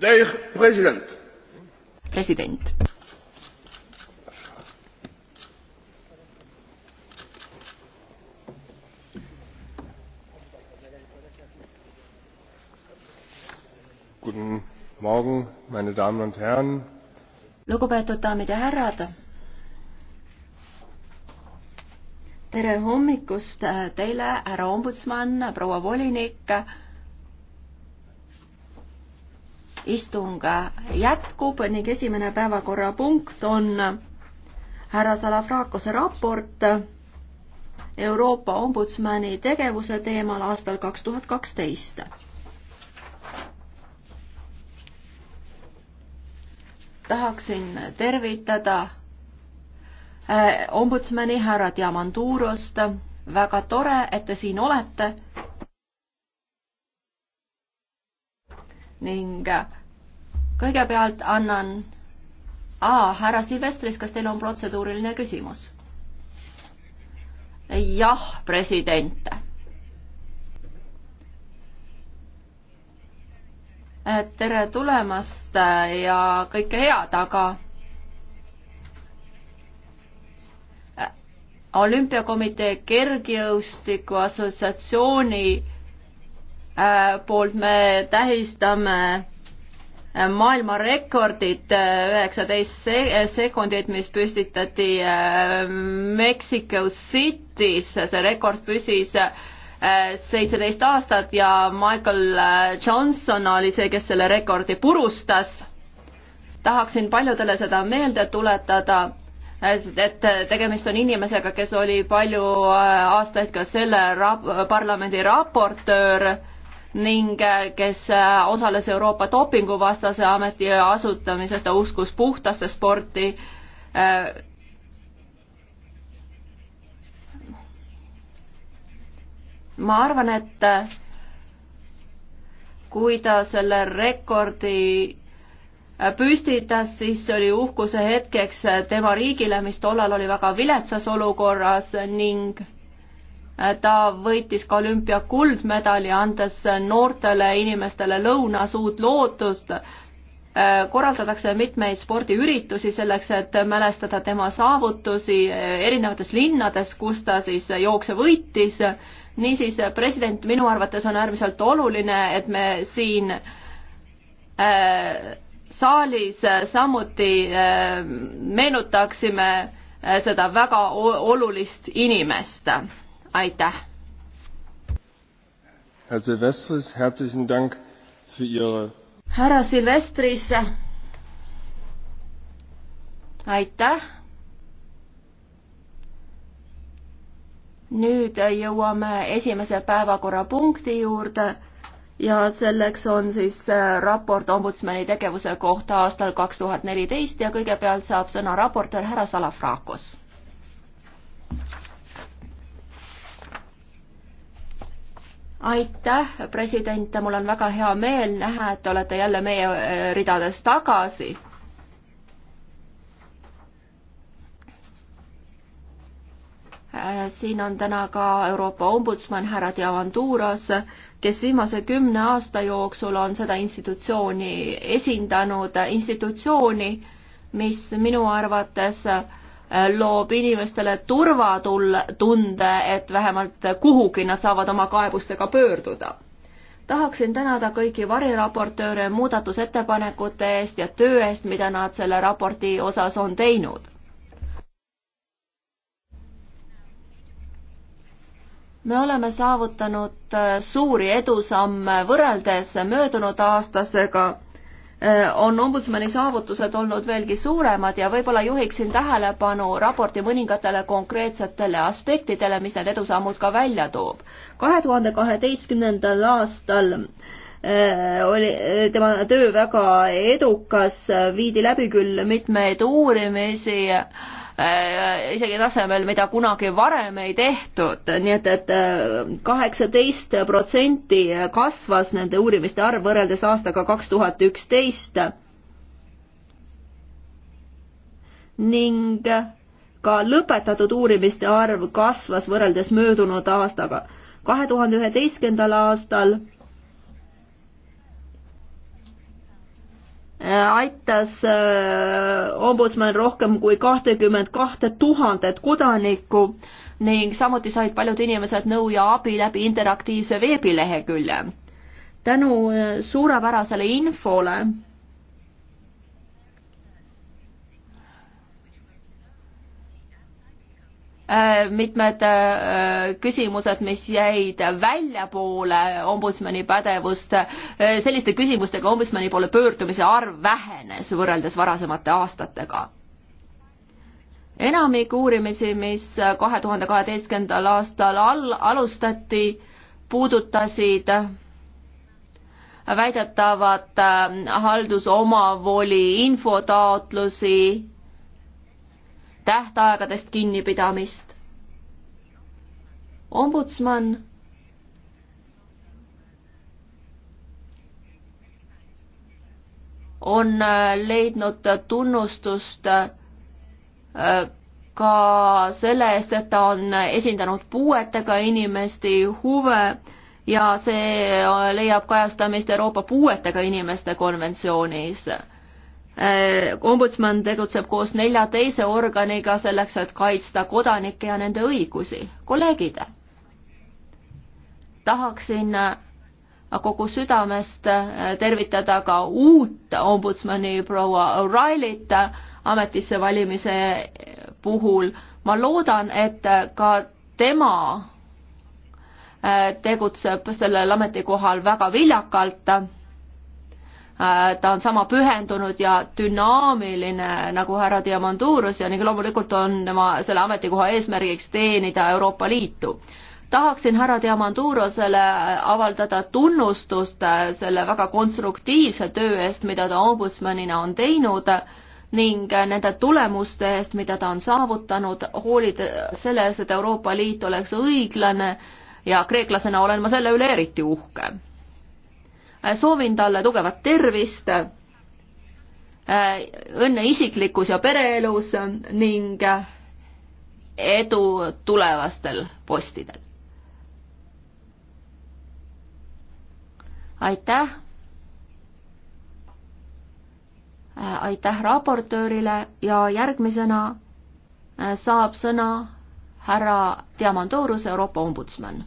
president. president. guten morgen meine damen und herren! lugupeetud daamid ja härrad! tere hommikust teile härra ombudsman proua volinik! istung jätkub ning esimene päevakorrapunkt on härra Salafrakose raport Euroopa Ombudsmani tegevuse teemal aastal kaks tuhat kaksteist. tahaksin tervitada äh, ombudsmani härra Diamandurost, väga tore, et te siin olete ning äh, kõigepealt annan A, härra Silvestris, kas teil on protseduuriline küsimus? jah, president. Äh, tere tulemast äh, ja kõike head, aga olümpiakomitee kergjõustiku assotsiatsiooni Äh, poolt me tähistame äh, maailmarekordit äh, üheksateist sekundit, mis püstitati Mexico City's, see rekord püsis seitseteist aastat ja Michael Johnson oli see, kes selle rekordi purustas. tahaksin paljudele seda meelde tuletada, et tegemist on inimesega, kes oli palju aastaid ka selle rap-, parlamendi raportöör ning äh, kes äh, osales Euroopa dopinguvastase ameti asutamises, ta uskus puhtasse sporti. Äh, ma arvan, et kui ta selle rekordi püstitas, siis oli uhkuse hetkeks tema riigile, mis tollal oli väga viletsas olukorras ning ta võitis ka olümpia kuldmedali, andes noortele inimestele lõunas uut lootust. korraldatakse mitmeid spordiüritusi selleks, et mälestada tema saavutusi erinevates linnades, kus ta siis jookse võitis. niisiis, president, minu arvates on äärmiselt oluline, et me siin äh, saalis samuti äh, meenutaksime äh, seda väga olulist inimest aitäh! härra Silvestris, aitäh! nüüd jõuame esimese päevakorrapunkti juurde ja selleks on siis äh, raport ombudsmani tegevuse kohta aastal kaks tuhat neliteist ja kõigepealt saab sõna raportöör härra Salafrakos. aitäh, president, mul on väga hea meel näha, et te olete jälle meie äh, ridades tagasi. Äh, siin on täna ka Euroopa ombudsman härra Diamanduras, kes viimase kümne aasta jooksul on seda institutsiooni esindanud, institutsiooni, mis minu arvates äh, Äh, loob inimestele turvatunde, et vähemalt kuhugi nad saavad oma kaebustega pöörduda. tahaksin tänada kõiki variraportööre muudatusettepanekute eest ja töö eest, mida nad selle raporti osas on teinud. me oleme saavutanud äh, suuri edusamme võrreldes möödunud aastasega Äh, on ombudsmani saavutused olnud veelgi suuremad ja võib-olla juhiksin tähelepanu raporti mõningatele konkreetsetele aspektidele, mis need edusammud ka välja toob. kahe tuhande kaheteistkümnendal aastal äh, oli äh, tema töö väga edukas, viidi läbi küll mitmeid uurimisi äh, Äh, isegi tasemel, mida kunagi varem ei tehtud, nii et, et äh, kaheksateist protsenti kasvas nende uurimiste arv võrreldes aastaga kaks tuhat üksteist. ning ka lõpetatud uurimiste arv kasvas võrreldes möödunud aastaga. kahe tuhande üheteistkümnendal aastal aitas äh, ombudsman rohkem kui kahtekümmend kahte tuhandet kodanikku ning samuti said paljud inimesed nõu ja abi läbi interaktiivse veebilehekülje. tänu äh, suurepärasele infole Äh, mitmed äh, küsimused, mis jäid väljapoole ombudsmani pädevust, äh, selliste küsimustega ombudsmani poole pöördumise arv vähenes võrreldes varasemate aastatega enamik uurimisi, mis kahe tuhande kaheteistkümnendal aastal all, alustati, puudutasid väidetavat haldusomavoli infotaotlusi tähtaegadest kinnipidamist. ombudsman on äh, leidnud tunnustust äh, ka selle eest, et ta on esindanud puuetega inimeste huve ja see äh, leiab kajastamist Euroopa puuetega inimeste konventsioonis Äh, ombudsman tegutseb koos nelja teise organiga selleks, et kaitsta kodanikke ja nende õigusi. kolleegid, tahaksin äh, kogu südamest äh, tervitada ka uut ombudsmani proua O'Reillyt ametisse valimise puhul. ma loodan, et ka tema tegutseb sellel ametikohal väga viljakalt Äh, ta on sama pühendunud ja dünaamiline nagu härra Diamandouros ja ning loomulikult on tema selle ametikoha eesmärgiks teenida Euroopa Liitu. tahaksin härra Diamandourosele avaldada tunnustust äh, selle väga konstruktiivse töö eest, mida ta ombudsmanina on teinud ning äh, nende tulemuste eest, mida ta on saavutanud, hoolida selle eest, et Euroopa Liit oleks õiglane ja kreeklasena olen ma selle üle eriti uhke Äh, soovin talle tugevat tervist, äh, õnne isiklikus ja pereelus ning äh, edu tulevastel postidel. aitäh. aitäh raportöörile ja järgmisena saab sõna härra Diamandourus, Euroopa ombudsman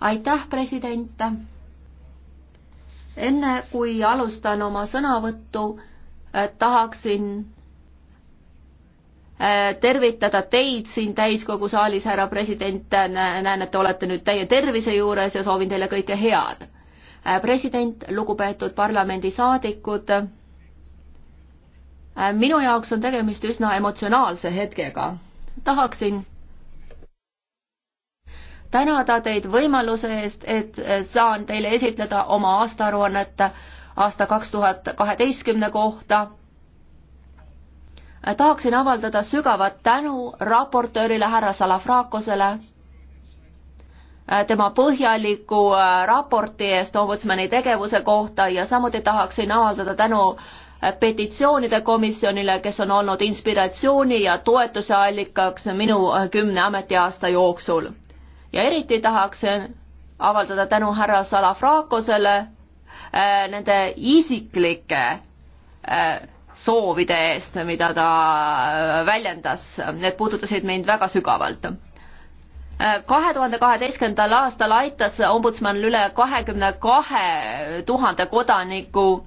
aitäh, president. enne kui alustan oma sõnavõttu, eh, tahaksin eh, tervitada teid siin täiskogu saalis, härra president, näen, et te olete nüüd täie tervise juures ja soovin teile kõike head. Eh, president, lugupeetud parlamendisaadikud, minu jaoks on tegemist üsna emotsionaalse hetkega. tahaksin tänada teid võimaluse eest, et eh, saan teile esitleda oma aastaaruannet aasta kaks tuhat kaheteistkümne kohta eh, tahaksin avaldada sügavat tänu raportöörile härra Salafrakosele eh, tema põhjaliku raporti eest ombudsmani tegevuse kohta ja samuti tahaksin avaldada tänu petitsioonide komisjonile, kes on olnud inspiratsiooni ja toetuse allikaks minu kümne ametiaasta jooksul ja eriti tahaksin avaldada tänu härra Salafrakosele äh, nende isiklike äh, soovide eest, mida ta äh, väljendas, need puudutasid mind väga sügavalt. kahe tuhande kaheteistkümnendal aastal aitas ombudsman üle kahekümne kahe tuhande kodaniku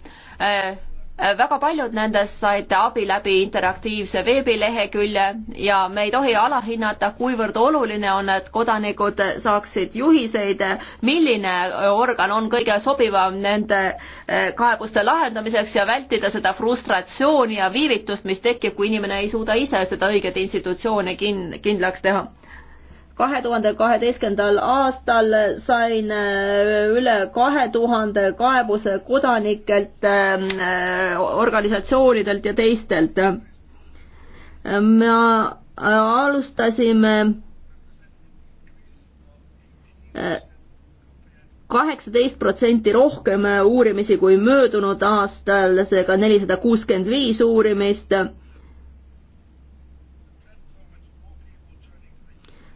väga paljud nendest said abi läbi interaktiivse veebilehekülje ja me ei tohi alahinnata, kuivõrd oluline on, et kodanikud saaksid juhiseid, milline organ on kõige sobivam nende eh, kaebuste lahendamiseks ja vältida seda frustratsiooni ja viivitust, mis tekib, kui inimene ei suuda ise seda õiget institutsiooni kin-, kindlaks teha kahe tuhande kaheteistkümnendal aastal sain äh, üle kahe tuhande kaebuse kodanikelt, äh, organisatsioonidelt ja teistelt. me alustasime äh, kaheksateist protsenti rohkem uurimisi kui möödunud aastal, seega nelisada kuuskümmend viis uurimist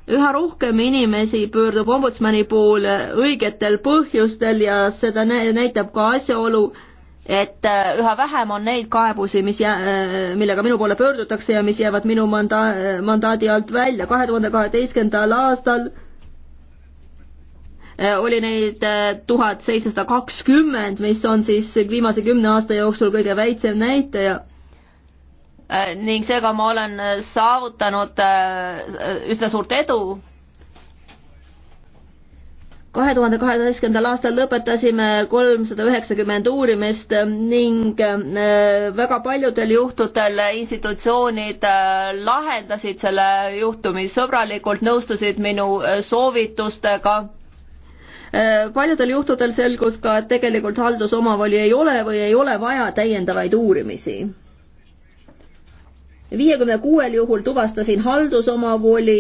üha rohkem inimesi pöördub ombudsmani poole õigetel põhjustel ja seda näitab ka asjaolu, et äh, üha vähem on neid kaebusi, mis jää, äh, millega minu poole pöördutakse ja mis jäävad minu manda-, äh, mandaadi alt välja. kahe tuhande kaheteistkümnendal aastal oli neid tuhat seitsesada kakskümmend, mis on siis viimase kümne aasta jooksul kõige väiksem näitaja Äh, ning seega ma olen äh, saavutanud äh, üsna suurt edu. kahe tuhande kaheteistkümnendal aastal lõpetasime kolmsada üheksakümmend uurimist ning väga paljudel juhtudel institutsioonid lahendasid selle juhtumi sõbralikult, nõustusid minu soovitustega paljudel juhtudel selgus ka, et tegelikult haldusomavoli ei ole või ei ole vaja täiendavaid uurimisi viiekümne kuuel juhul tuvastasin haldusomavoli,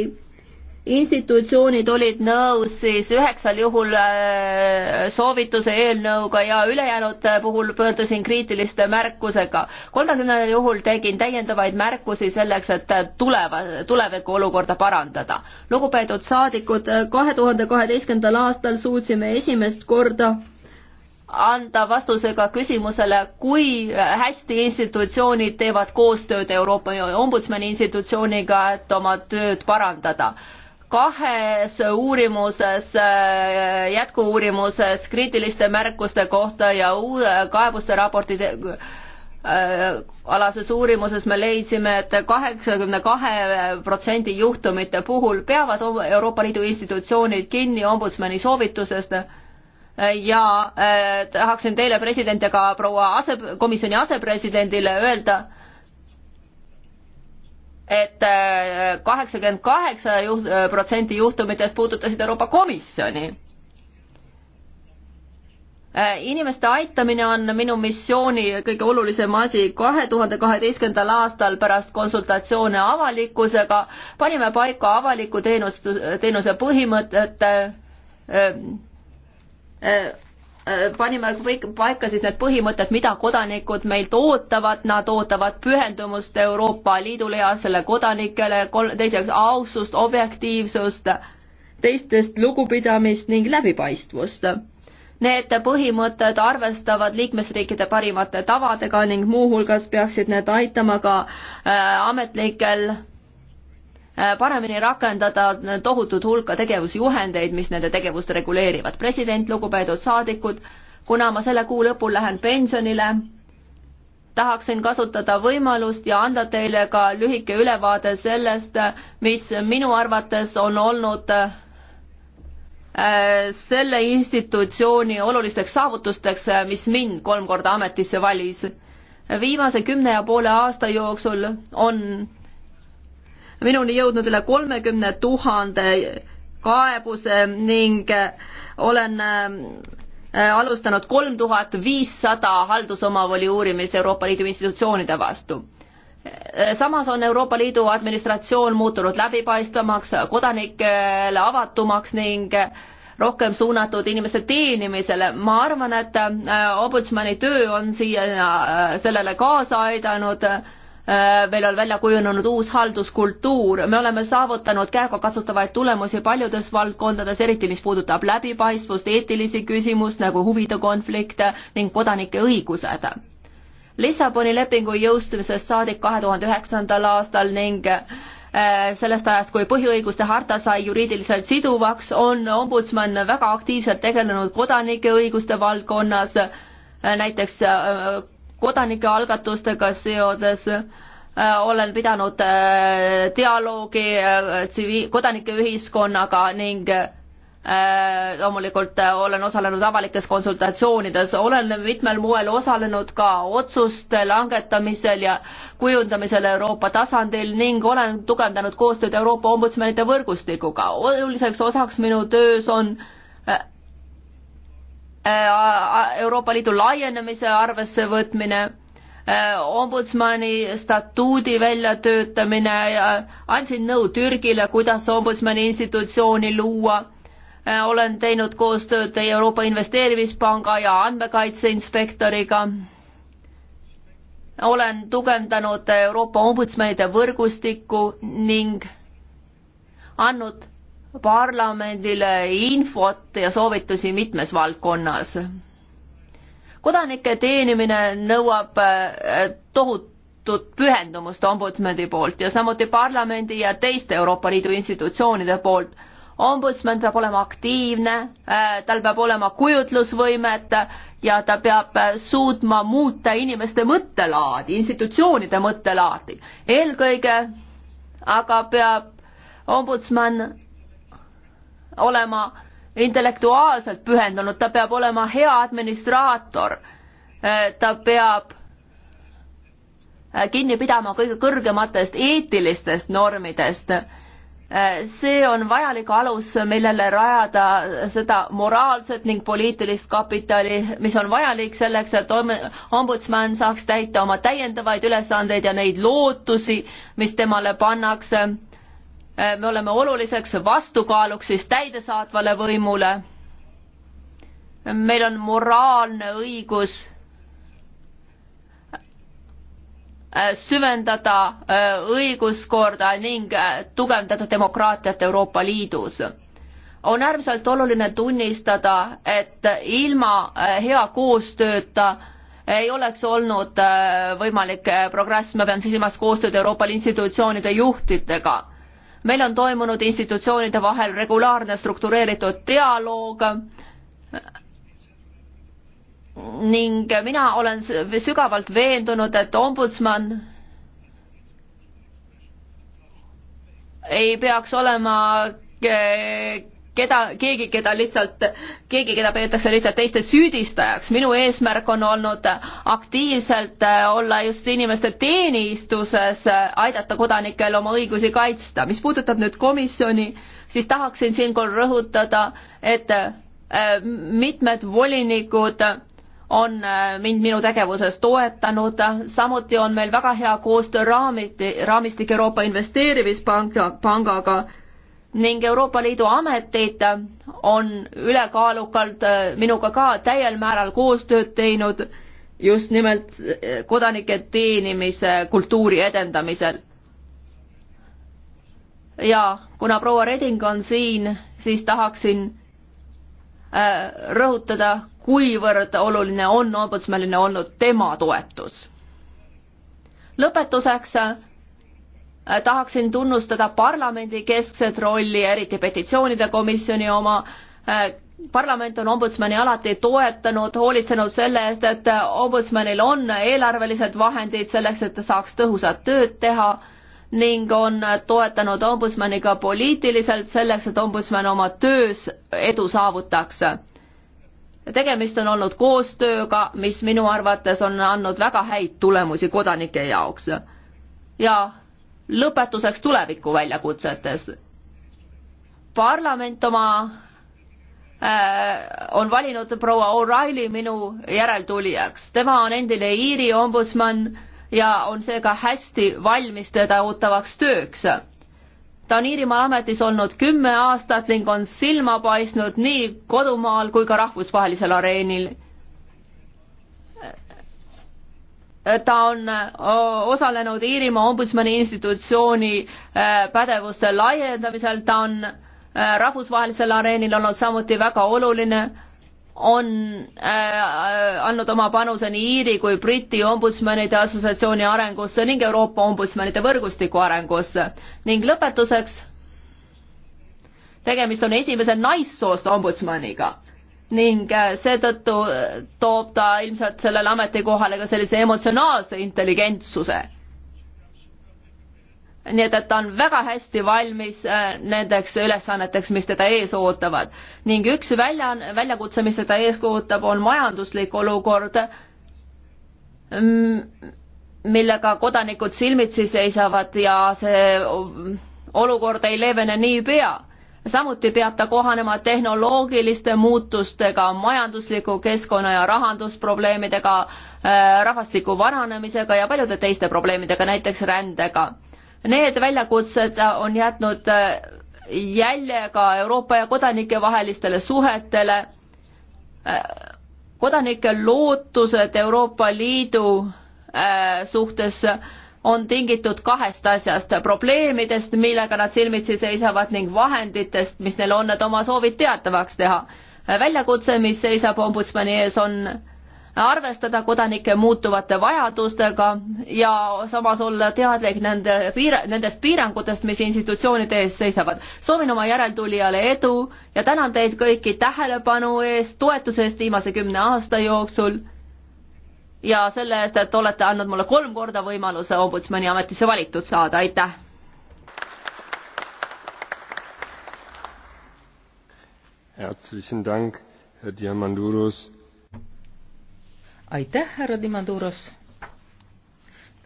institutsioonid olid nõus siis üheksal juhul äh, soovituse eelnõuga ja ülejäänud äh, puhul pöördusin kriitiliste märkusega. kolmekümnendal juhul tegin täiendavaid märkusi selleks, et äh, tuleva, tuleviku olukorda parandada. lugupeetud saadikud, kahe tuhande kaheteistkümnendal aastal suutsime esimest korda anda vastuse ka küsimusele, kui hästi institutsioonid teevad koostööd Euroopa Ombudsmani institutsiooniga, et oma tööd parandada. kahes uurimuses, jätku-uurimuses kriitiliste märkuste kohta ja uue kaebuste raportide äh, alases uurimuses me leidsime et, et kaheksakümne kahe protsendi juhtumite puhul peavad Euroopa Liidu institutsioonid kinni ombudsmani soovitusest ja eh, tahaksin teile, president, ja ka proua ase, komisjoni asepresidendile öelda, et äh, kaheksakümmend kaheksa juht-, äh, protsenti juhtumitest puudutasid Euroopa Komisjoni inimeste aitamine on minu missiooni kõige olulisem asi. kahe tuhande kaheteistkümnendal aastal pärast konsultatsioone avalikkusega panime paika avaliku teenust, teenuse põhimõtted Äh, äh, panime kõik paika siis need põhimõtted, mida kodanikud meilt ootavad, nad ootavad pühendumust Euroopa Liidule ja selle kodanikele, teiseks ausust, objektiivsust, teistest lugupidamist ning läbipaistvust. Need põhimõtted arvestavad liikmesriikide parimate tavadega ning muuhulgas peaksid need aitama ka äh, ametlikel Äh, paremini rakendada tohutut hulka tegevusjuhendeid, mis nende tegevust reguleerivad. president, lugupeetud saadikud, kuna ma selle kuu lõpul lähen pensionile, tahaksin kasutada võimalust ja anda teile ka lühike ülevaade sellest, mis minu arvates on olnud äh, selle institutsiooni olulisteks saavutusteks, äh, mis mind kolm korda ametisse valis. viimase kümne ja poole aasta jooksul on minuni jõudnud üle kolmekümne tuhande kaebuse ning äh, olen äh, äh, alustanud kolm tuhat viissada haldusomavoli uurimist Euroopa Liidu institutsioonide vastu. samas on Euroopa Liidu administratsioon muutunud läbipaistvamaks, kodanikele avatumaks ning rohkem suunatud inimeste teenimisele. ma arvan, et ombudsmani töö on siia, sellele kaasa aidanud Äh, meil on välja kujunenud uus halduskultuur, me oleme saavutanud käegakatsutavaid tulemusi paljudes valdkondades, eriti mis puudutab läbipaistvust, eetilisi küsimusi nagu huvide konflikte ning kodanike õigused. Lissaboni lepingu jõustumisest saadik kahe tuhande üheksandal aastal ning äh, sellest ajast, kui põhiõiguste harta sai juriidiliselt siduvaks, on ombudsman väga aktiivselt tegelenud kodanike õiguste valdkonnas, äh, näiteks kodanikealgatustega seoses äh, olen pidanud äh, dialoogi äh, tsiviil, kodanikeühiskonnaga ning loomulikult olen osalenud avalikes konsultatsioonides, olen mitmel moel osalenud ka otsuste langetamisel ja kujundamisel Euroopa tasandil ning olen tugevdanud koostööd Euroopa ombudsmanide võrgustikuga. oluliseks osaks minu töös on Äh, Euroopa Liidu laienemise arvessevõtmine, äh, ombudsmani statuudi väljatöötamine, äh, andsin nõu Türgile, kuidas ombudsmani institutsiooni luua, olen teinud koostööd Euroopa Investeerimispanga ja andmekaitse inspektoriga, olen tugevdanud Euroopa ombudsmanide võrgustikku ning andnud parlamendile infot ja soovitusi mitmes valdkonnas. kodanike teenimine nõuab äh, tohutut pühendumust ombudsmani poolt ja samuti parlamendi ja teiste Euroopa Liidu institutsioonide poolt. ombudsman peab olema aktiivne, äh, tal peab olema kujutlusvõimet ja ta peab äh, suutma muuta inimeste mõttelaadi, institutsioonide mõttelaadi. eelkõige aga peab ombudsman olema intellektuaalselt pühendunud, ta peab olema hea administraator, eh, ta peab eh, kinni pidama kõige kõrgematest eetilistest normidest. Eh, see on vajalik alus, millele rajada seda moraalset ning poliitilist kapitali, mis on vajalik selleks, et ombudsman saaks täita oma täiendavaid ülesandeid ja neid lootusi, mis temale pannakse Äh, me oleme oluliseks vastukaaluks siis täidesaatvale võimule. meil on moraalne õigus äh, süvendada äh, õiguskorda ning tugevdada demokraatiat Euroopa Liidus. on äärmiselt oluline tunnistada, et ilma hea koostööta ei oleks olnud võimalik progress, ma pean silmas koostööd Euroopa institutsioonide juhtidega meil on toimunud institutsioonide vahel regulaarne struktureeritud dialoog ning mina olen sügavalt veendunud, et ombudsman ei peaks olema eh, keda, keegi, keda lihtsalt, keegi, keda peetakse lihtsalt teiste süüdistajaks. minu eesmärk on olnud aktiivselt äh, olla just inimeste teenistuses, äh, aidata kodanikel oma õigusi kaitsta. mis puudutab nüüd komisjoni, siis tahaksin siinkohal rõhutada, et äh, mitmed volinikud on mind minu tegevuses toetanud, samuti on meil väga hea koostöö raamid, raamistik Euroopa Investeerimispank, pangaga ning Euroopa Liidu ametid on ülekaalukalt äh, minuga ka täiel määral koostööd teinud just nimelt äh, kodanike teenimise kultuuri edendamisel. ja kuna proua Reding on siin, siis tahaksin äh, rõhutada, kuivõrd oluline on ombudsmanile olnud tema toetus. lõpetuseks Äh, tahaksin tunnustada parlamendi keskset rolli, eriti petitsioonide komisjoni oma. Äh, parlament on ombudsmani alati toetanud, hoolitsenud selle eest, et äh, ombudsmanil on eelarvelised vahendid selleks, et ta saaks tõhusat tööd teha ning on toetanud ombudsmani ka poliitiliselt selleks, et ombudsman oma töös edu saavutaks. tegemist on olnud koostööga, mis minu arvates on andnud väga häid tulemusi kodanike jaoks. ja lõpetuseks tuleviku väljakutsetes. parlament oma äh, on valinud proua O'Reilly minu järeltulijaks, tema on endine Iiri ombudsman ja on seega hästi valmis teda ootavaks tööks. ta on Iirimaal ametis olnud kümme aastat ning on silma paistnud nii kodumaal kui ka rahvusvahelisel areenil ta on osalenud Iirimaa ombudsmani institutsiooni pädevuste laiendamisel, ta on rahvusvahelisel areenil olnud samuti väga oluline, on andnud oma panuse nii Iiri kui Briti ombudsmanide assotsiatsiooni arengusse ning Euroopa ombudsmanide võrgustiku arengusse. ning lõpetuseks, tegemist on esimese naissoost ombudsmaniga ning äh, seetõttu äh, toob ta ilmselt sellele ametikohale ka sellise emotsionaalse intelligentsuse. nii et, et ta on väga hästi valmis äh, nendeks ülesanneteks, mis teda ees ootavad ning üks välja, väljakutse, mis teda ees ootab, on majanduslik olukord, millega kodanikud silmitsi seisavad ja see olukord ei leevene niipea samuti peab ta kohanema tehnoloogiliste muutustega, majandusliku keskkonna ja rahandusprobleemidega, äh, rahvastiku vananemisega ja paljude teiste probleemidega, näiteks rändega. Need väljakutsed on jätnud äh, jälje ka Euroopa ja kodanike vahelistele suhetele, äh, kodanike lootused Euroopa Liidu suhtes on tingitud kahest asjast, probleemidest, millega nad silmitsi seisavad ning vahenditest, mis neil on, et oma soovid teatavaks teha. väljakutse, mis seisab ombudsmani ees, on arvestada kodanike muutuvate vajadustega ja samas olla teadlik nende piir-, nendest piirangutest, mis institutsioonide ees seisavad. soovin oma järeltulijale edu ja tänan teid kõiki tähelepanu eest, toetuse eest viimase kümne aasta jooksul ja selle eest, et olete andnud mulle kolm korda võimaluse ombudsmani ametisse valitud saada, aitäh! aitäh, härra Dimanduros!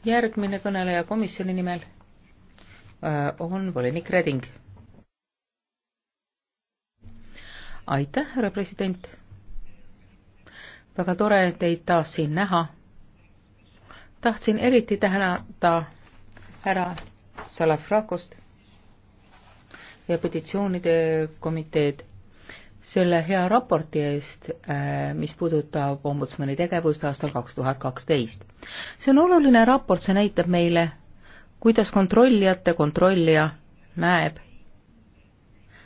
järgmine kõneleja komisjoni nimel äh, on volinik Reding. aitäh, härra president väga tore teid taas siin näha. tahtsin eriti tänada härra Salafrakost ja petitsioonide komiteed selle hea raporti eest, äh, mis puudutab ombudsmani tegevust aastal kaks tuhat kaksteist. see on oluline raport, see näitab meile, kuidas kontrollijate kontrollija näeb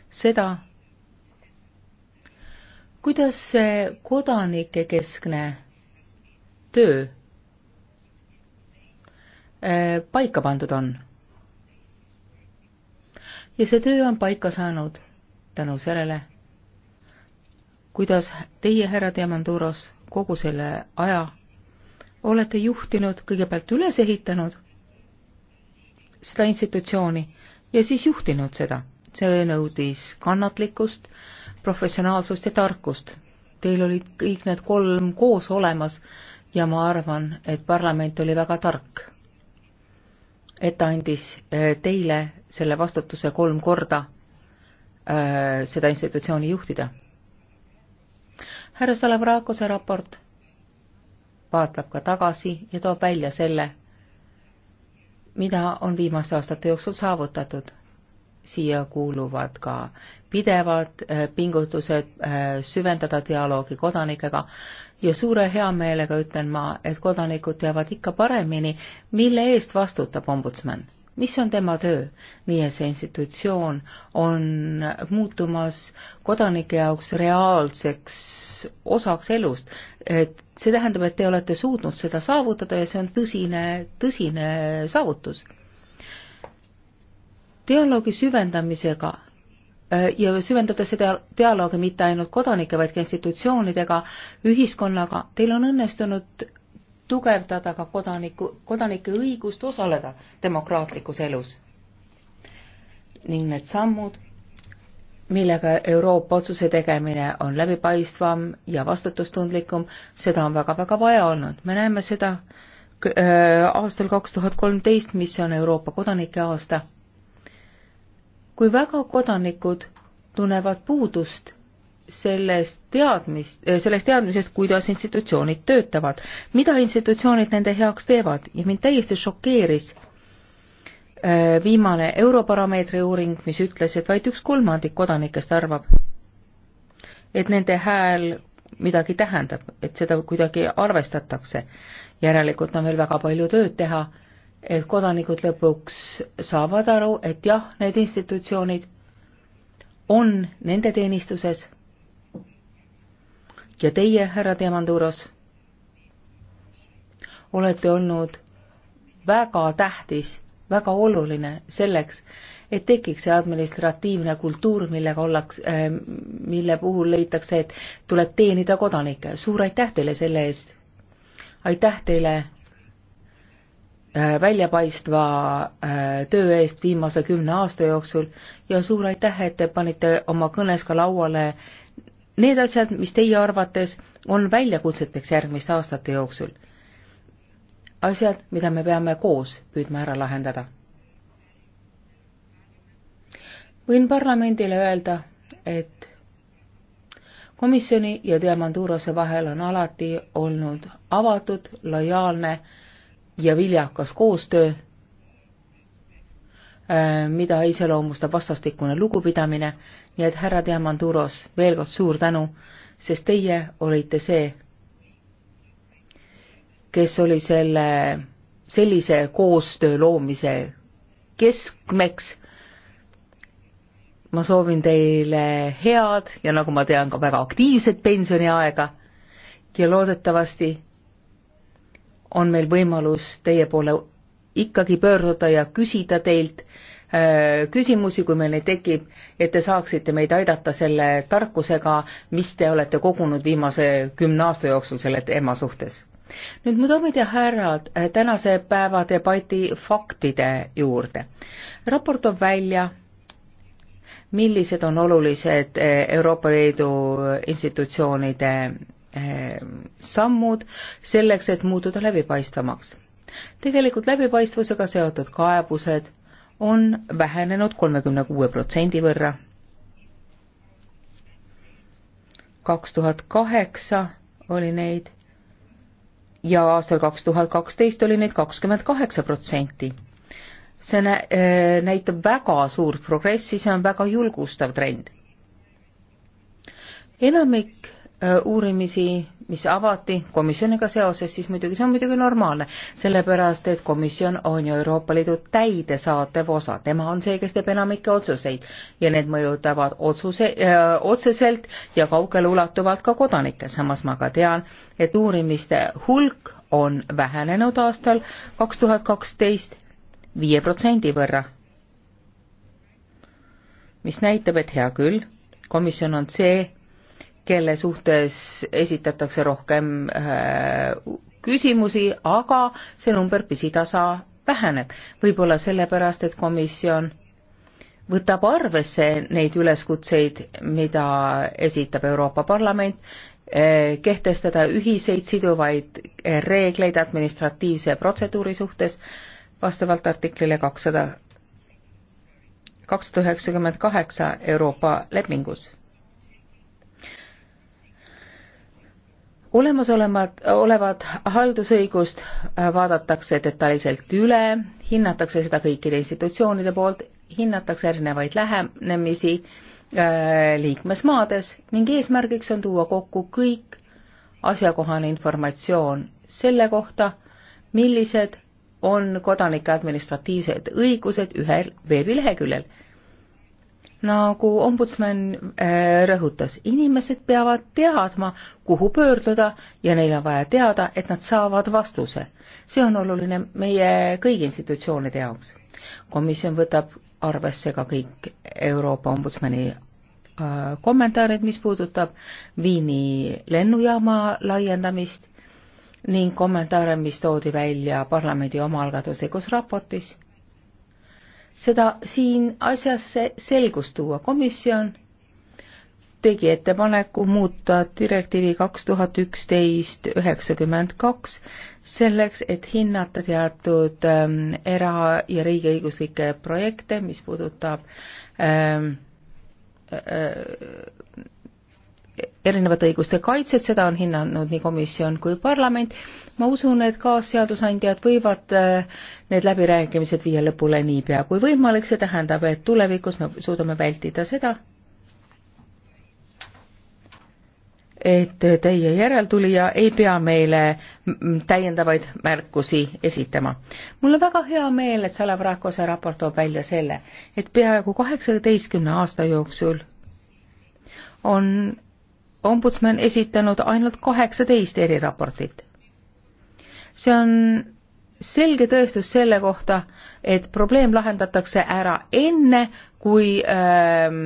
seda, kuidas see kodanike keskne töö eh, paika pandud on? ja see töö on paika saanud tänu sellele, kuidas teie, härra Diamanduros, kogu selle aja olete juhtinud, kõigepealt üles ehitanud seda institutsiooni ja siis juhtinud seda. see nõudis kannatlikkust, professionaalsust ja tarkust. Teil olid kõik need kolm koos olemas ja ma arvan, et parlament oli väga tark, et ta andis äh, teile selle vastutuse kolm korda äh, seda institutsiooni juhtida. härra Salavrakose raport vaatleb ka tagasi ja toob välja selle, mida on viimaste aastate jooksul saavutatud siia kuuluvad ka pidevad äh, pingutused äh, süvendada dialoogi kodanikega ja suure heameelega ütlen ma, et kodanikud teavad ikka paremini, mille eest vastutab ombudsman, mis on tema töö. nii et see institutsioon on muutumas kodanike jaoks reaalseks osaks elust. et see tähendab, et te olete suutnud seda saavutada ja see on tõsine, tõsine saavutus dialoogi süvendamisega äh, ja süvendada seda dialoogi mitte ainult kodanike, vaid ka institutsioonidega, ühiskonnaga, teil on õnnestunud tugevdada ka kodaniku, kodanike õigust osaleda demokraatlikus elus. ning need sammud, millega Euroopa otsuse tegemine on läbipaistvam ja vastutustundlikum, seda on väga-väga vaja olnud, me näeme seda äh, aastal kaks tuhat kolmteist, mis on Euroopa kodanike aasta kui väga kodanikud tunnevad puudust sellest teadmist, eh, sellest teadmisest, kuidas institutsioonid töötavad, mida institutsioonid nende heaks teevad ja mind täiesti šokeeris eh, viimane Europarameetri uuring, mis ütles, et vaid üks kolmandik kodanikest arvab, et nende hääl midagi tähendab, et seda kuidagi arvestatakse. järelikult on veel väga palju tööd teha et kodanikud lõpuks saavad aru, et jah, need institutsioonid on nende teenistuses. ja teie, härra Diamanduros, olete olnud väga tähtis, väga oluline selleks, et tekiks see administratiivne kultuur, millega ollakse, äh, mille puhul leitakse, et tuleb teenida kodanikke. suur aitäh teile selle eest! aitäh teile Äh, väljapaistva äh, töö eest viimase kümne aasta jooksul ja suur aitäh, et te panite oma kõnes ka lauale need asjad, mis teie arvates on väljakutseteks järgmiste aastate jooksul. asjad, mida me peame koos püüdma ära lahendada. võin parlamendile öelda, et komisjoni ja Diamanturose vahel on alati olnud avatud, lojaalne ja viljakas koostöö, äh, mida iseloomustab vastastikune lugupidamine, nii et härra Diamanduros, veel kord suur tänu, sest teie olite see, kes oli selle, sellise koostöö loomise keskmeks. ma soovin teile head ja nagu ma tean, ka väga aktiivset pensioniaega ja loodetavasti on meil võimalus teie poole ikkagi pöörduda ja küsida teilt äh, küsimusi, kui meil neid tekib, et te saaksite meid aidata selle tarkusega, mis te olete kogunud viimase kümne aasta jooksul selle teema suhtes. nüüd mu daamid ja härrad, äh, tänase päeva debati faktide juurde. raport toob välja millised on olulised äh, Euroopa Liidu institutsioonide sammud selleks, et muutuda läbipaistvamaks. tegelikult läbipaistvusega seotud kaebused on vähenenud kolmekümne kuue protsendi võrra. kaks tuhat kaheksa oli neid ja aastal kaks tuhat kaksteist oli neid kakskümmend kaheksa protsenti. see nä-, äh, näitab väga suurt progressi, see on väga julgustav trend. enamik Äh, uurimisi, mis avati komisjoniga seoses, siis muidugi see on muidugi normaalne, sellepärast et komisjon on ju Euroopa Liidu täidesaatev osa, tema on see, kes teeb enamikke otsuseid ja need mõjutavad otsuse öö, äh, otseselt ja kaugeleulatuvalt ka kodanikke, samas ma ka tean, et uurimiste hulk on vähenenud aastal kaks tuhat kaksteist viie protsendi võrra. mis näitab, et hea küll, komisjon on see, kelle suhtes esitatakse rohkem äh, küsimusi, aga see number pisitasa väheneb. võib-olla sellepärast, et komisjon võtab arvesse neid üleskutseid, mida esitab Euroopa Parlament, äh, kehtestada ühiseid siduvaid äh, reegleid administratiivse protseduuri suhtes vastavalt artiklile kakssada, kakssada üheksakümmend kaheksa Euroopa lepingus olemasolevad, olevat haldusõigust äh, vaadatakse detailselt üle, hinnatakse seda kõikide institutsioonide poolt, hinnatakse erinevaid lähenemisi äh, liikmesmaades ning eesmärgiks on tuua kokku kõik asjakohane informatsioon selle kohta, millised on kodanike administratiivsed õigused ühel veebileheküljel nagu ombudsman äh, rõhutas, inimesed peavad teadma, kuhu pöörduda ja neil on vaja teada, et nad saavad vastuse. see on oluline meie kõigi institutsioonide jaoks. komisjon võtab arvesse ka kõik Euroopa ombudsmani äh, kommentaarid, mis puudutab Viini lennujaama laiendamist ning kommentaare, mis toodi välja parlamendi omaalgatuslikus raportis seda siin asjasse selgust tuua. komisjon tegi ettepaneku muuta direktiivi kaks tuhat üksteist üheksakümmend kaks selleks, et hinnata teatud ähm, era- ja riigiõiguslikke projekte, mis puudutab ähm, äh, äh erinevate õiguste kaitset, seda on hinnanud nii komisjon kui parlament ma usun, et kaasseadusandjad võivad äh, need läbirääkimised viia lõpule niipea kui võimalik, see tähendab, et tulevikus me suudame vältida seda, et teie järeltulija ei pea meile mm, täiendavaid märkusi esitama. mul on väga hea meel, et Salavrakose raport toob välja selle, et peaaegu kaheksateistkümne aasta jooksul on ombudsman esitanud ainult kaheksateist eriraportit see on selge tõestus selle kohta, et probleem lahendatakse ära enne, kui ähm,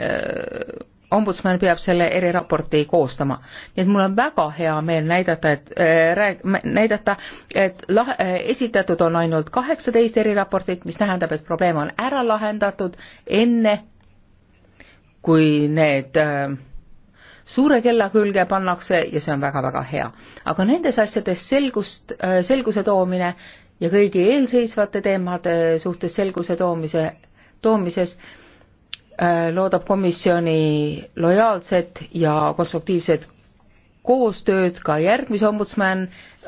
äh, ombudsman peab selle eriraporti koostama. nii et mul on väga hea meel näidata, et äh, näidata, et lah- äh,, esitatud on ainult kaheksateist eriraportit, mis tähendab, et probleem on ära lahendatud enne, kui need äh, suure kella külge pannakse ja see on väga-väga hea. aga nendes asjades selgust, äh, selguse toomine ja kõigi eelseisvate teemade suhtes selguse toomise, toomises äh, loodab komisjoni lojaalset ja konstruktiivset koostööd ka järgmise ombudsman,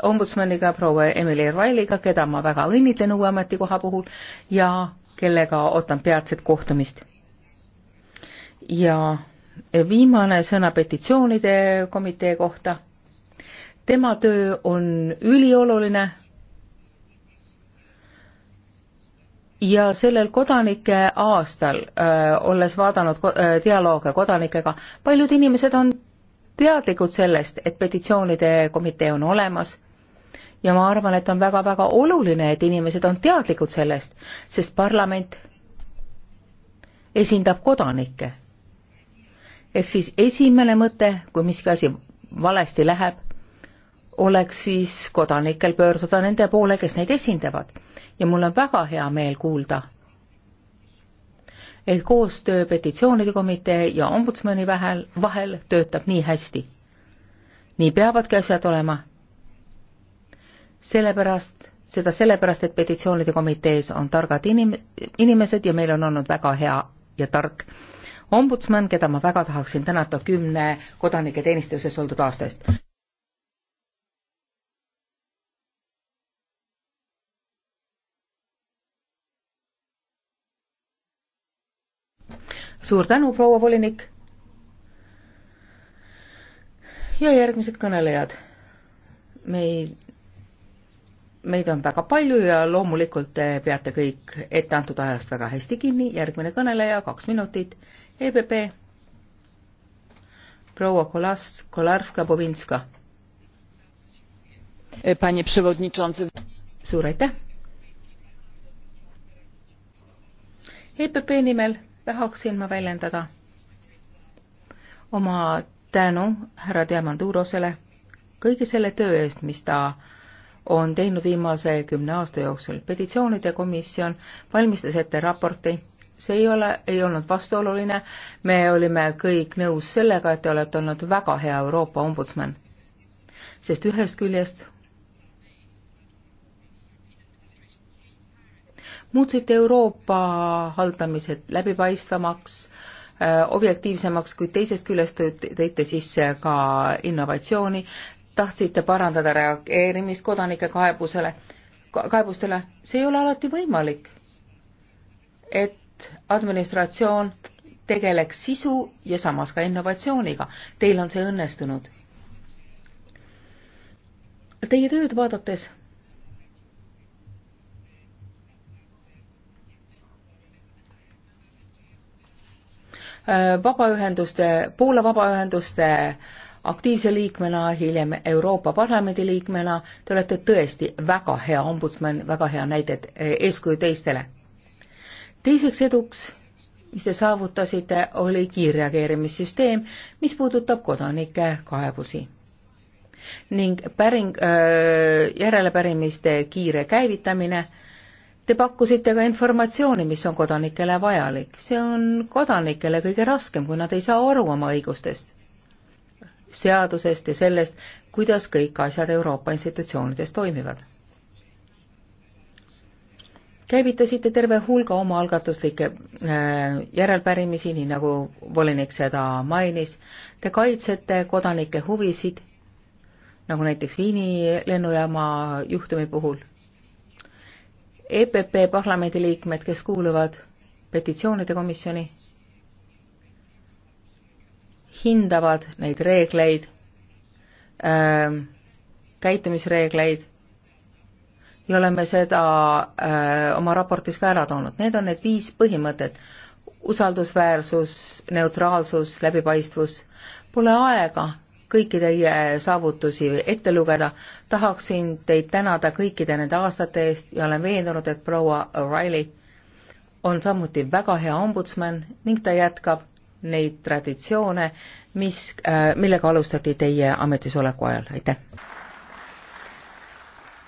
ombudsmaniga, proua Emily Riley'ga, keda ma väga õnnitlen uue ametikoha puhul ja kellega ootan peatset kohtumist. ja viimane sõna petitsioonide komitee kohta. tema töö on ülioluline ja sellel kodanike aastal, äh, olles vaadanud äh, dialoogi kodanikega, paljud inimesed on teadlikud sellest, et petitsioonide komitee on olemas ja ma arvan, et on väga-väga oluline, et inimesed on teadlikud sellest, sest parlament esindab kodanikke ehk siis esimene mõte, kui miski asi valesti läheb, oleks siis kodanikel pöörduda nende poole, kes neid esindavad. ja mul on väga hea meel kuulda, et koostöö petitsioonide komitee ja ombudsmani vahel, vahel töötab nii hästi. nii peavadki asjad olema. sellepärast, seda sellepärast, et petitsioonide komitees on targad inim-, inimesed ja meil on olnud väga hea ja tark ombudsman, keda ma väga tahaksin tänada kümne kodanike teenistuses oldud aasta eest. suur tänu, proua volinik. ja järgmised kõnelejad. meil meid on väga palju ja loomulikult te peate kõik etteantud ajast väga hästi kinni, järgmine kõneleja, kaks minutit EPP, proua Kolas-, Kolarska-Bobinska. E, panie przewodniczący. suur aitäh. EPP nimel tahaksin ma väljendada oma tänu härra Diamandurosele kõige selle töö eest, mis ta on teinud viimase kümne aasta jooksul. petitsioonide komisjon valmistas ette raporti see ei ole, ei olnud vastuoluline, me olime kõik nõus sellega, et te olete olnud väga hea Euroopa ombudsman. sest ühest küljest muutsite Euroopa haldamised läbipaistvamaks, äh, objektiivsemaks, kuid teisest küljest tõite sisse ka innovatsiooni, tahtsite parandada reageerimist kodanike kaebusele, kaebustele, see ei ole alati võimalik. et administratsioon tegeleks sisu ja samas ka innovatsiooniga. Teil on see õnnestunud. Teie tööd vaadates vabaühenduste, Poola vabaühenduste aktiivse liikmena, hiljem Euroopa Parlamendi liikmena, te olete tõesti väga hea ombudsman, väga hea näide, eh, eeskuju teistele teiseks eduks, mis te saavutasite, oli kiirreageerimissüsteem, mis puudutab kodanike kaebusi ning päring äh,, järelepärimiste kiire käivitamine. Te pakkusite ka informatsiooni, mis on kodanikele vajalik. see on kodanikele kõige raskem, kui nad ei saa aru oma õigustest, seadusest ja sellest, kuidas kõik asjad Euroopa institutsioonides toimivad käivitasite terve hulga omaalgatuslikke äh, järelpärimisi, nii nagu volinik seda mainis. Te kaitsete kodanike huvisid, nagu näiteks Viini lennujaama juhtumi puhul. EPP parlamendiliikmed, kes kuuluvad petitsioonide komisjoni, hindavad neid reegleid, äh, käitumisreegleid ja oleme seda öö, äh, oma raportis ka ära toonud. Need on need viis põhimõtet. usaldusväärsus, neutraalsus, läbipaistvus. Pole aega kõiki teie saavutusi ette lugeda. tahaksin teid tänada kõikide nende aastate eest ja olen veendunud, et proua O'Reilly on samuti väga hea ombudsman ning ta jätkab neid traditsioone, mis, äh, millega alustati teie ametisoleku ajal, aitäh!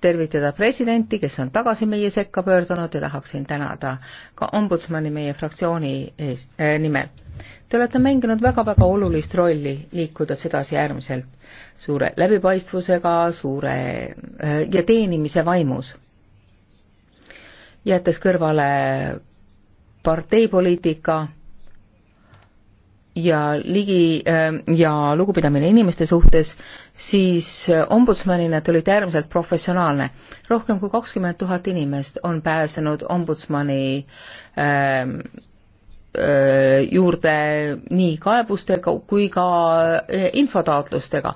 tervitada presidenti, kes on tagasi meie sekka pöördunud ja tahaksin tänada ka ombudsmani meie fraktsiooni ees, äh, nimel. Te olete mänginud väga-väga olulist rolli, liikudes edasi äärmiselt suure läbipaistvusega, suure äh, ja teenimise vaimus, jättes kõrvale parteipoliitika ja ligi ähm, ja lugupidamine inimeste suhtes, siis äh, ombudsmanina te olite äärmiselt professionaalne. rohkem kui kakskümmend tuhat inimest on pääsenud ombudsmani ähm, äh, juurde nii kaebustega kui ka äh, infotaotlustega.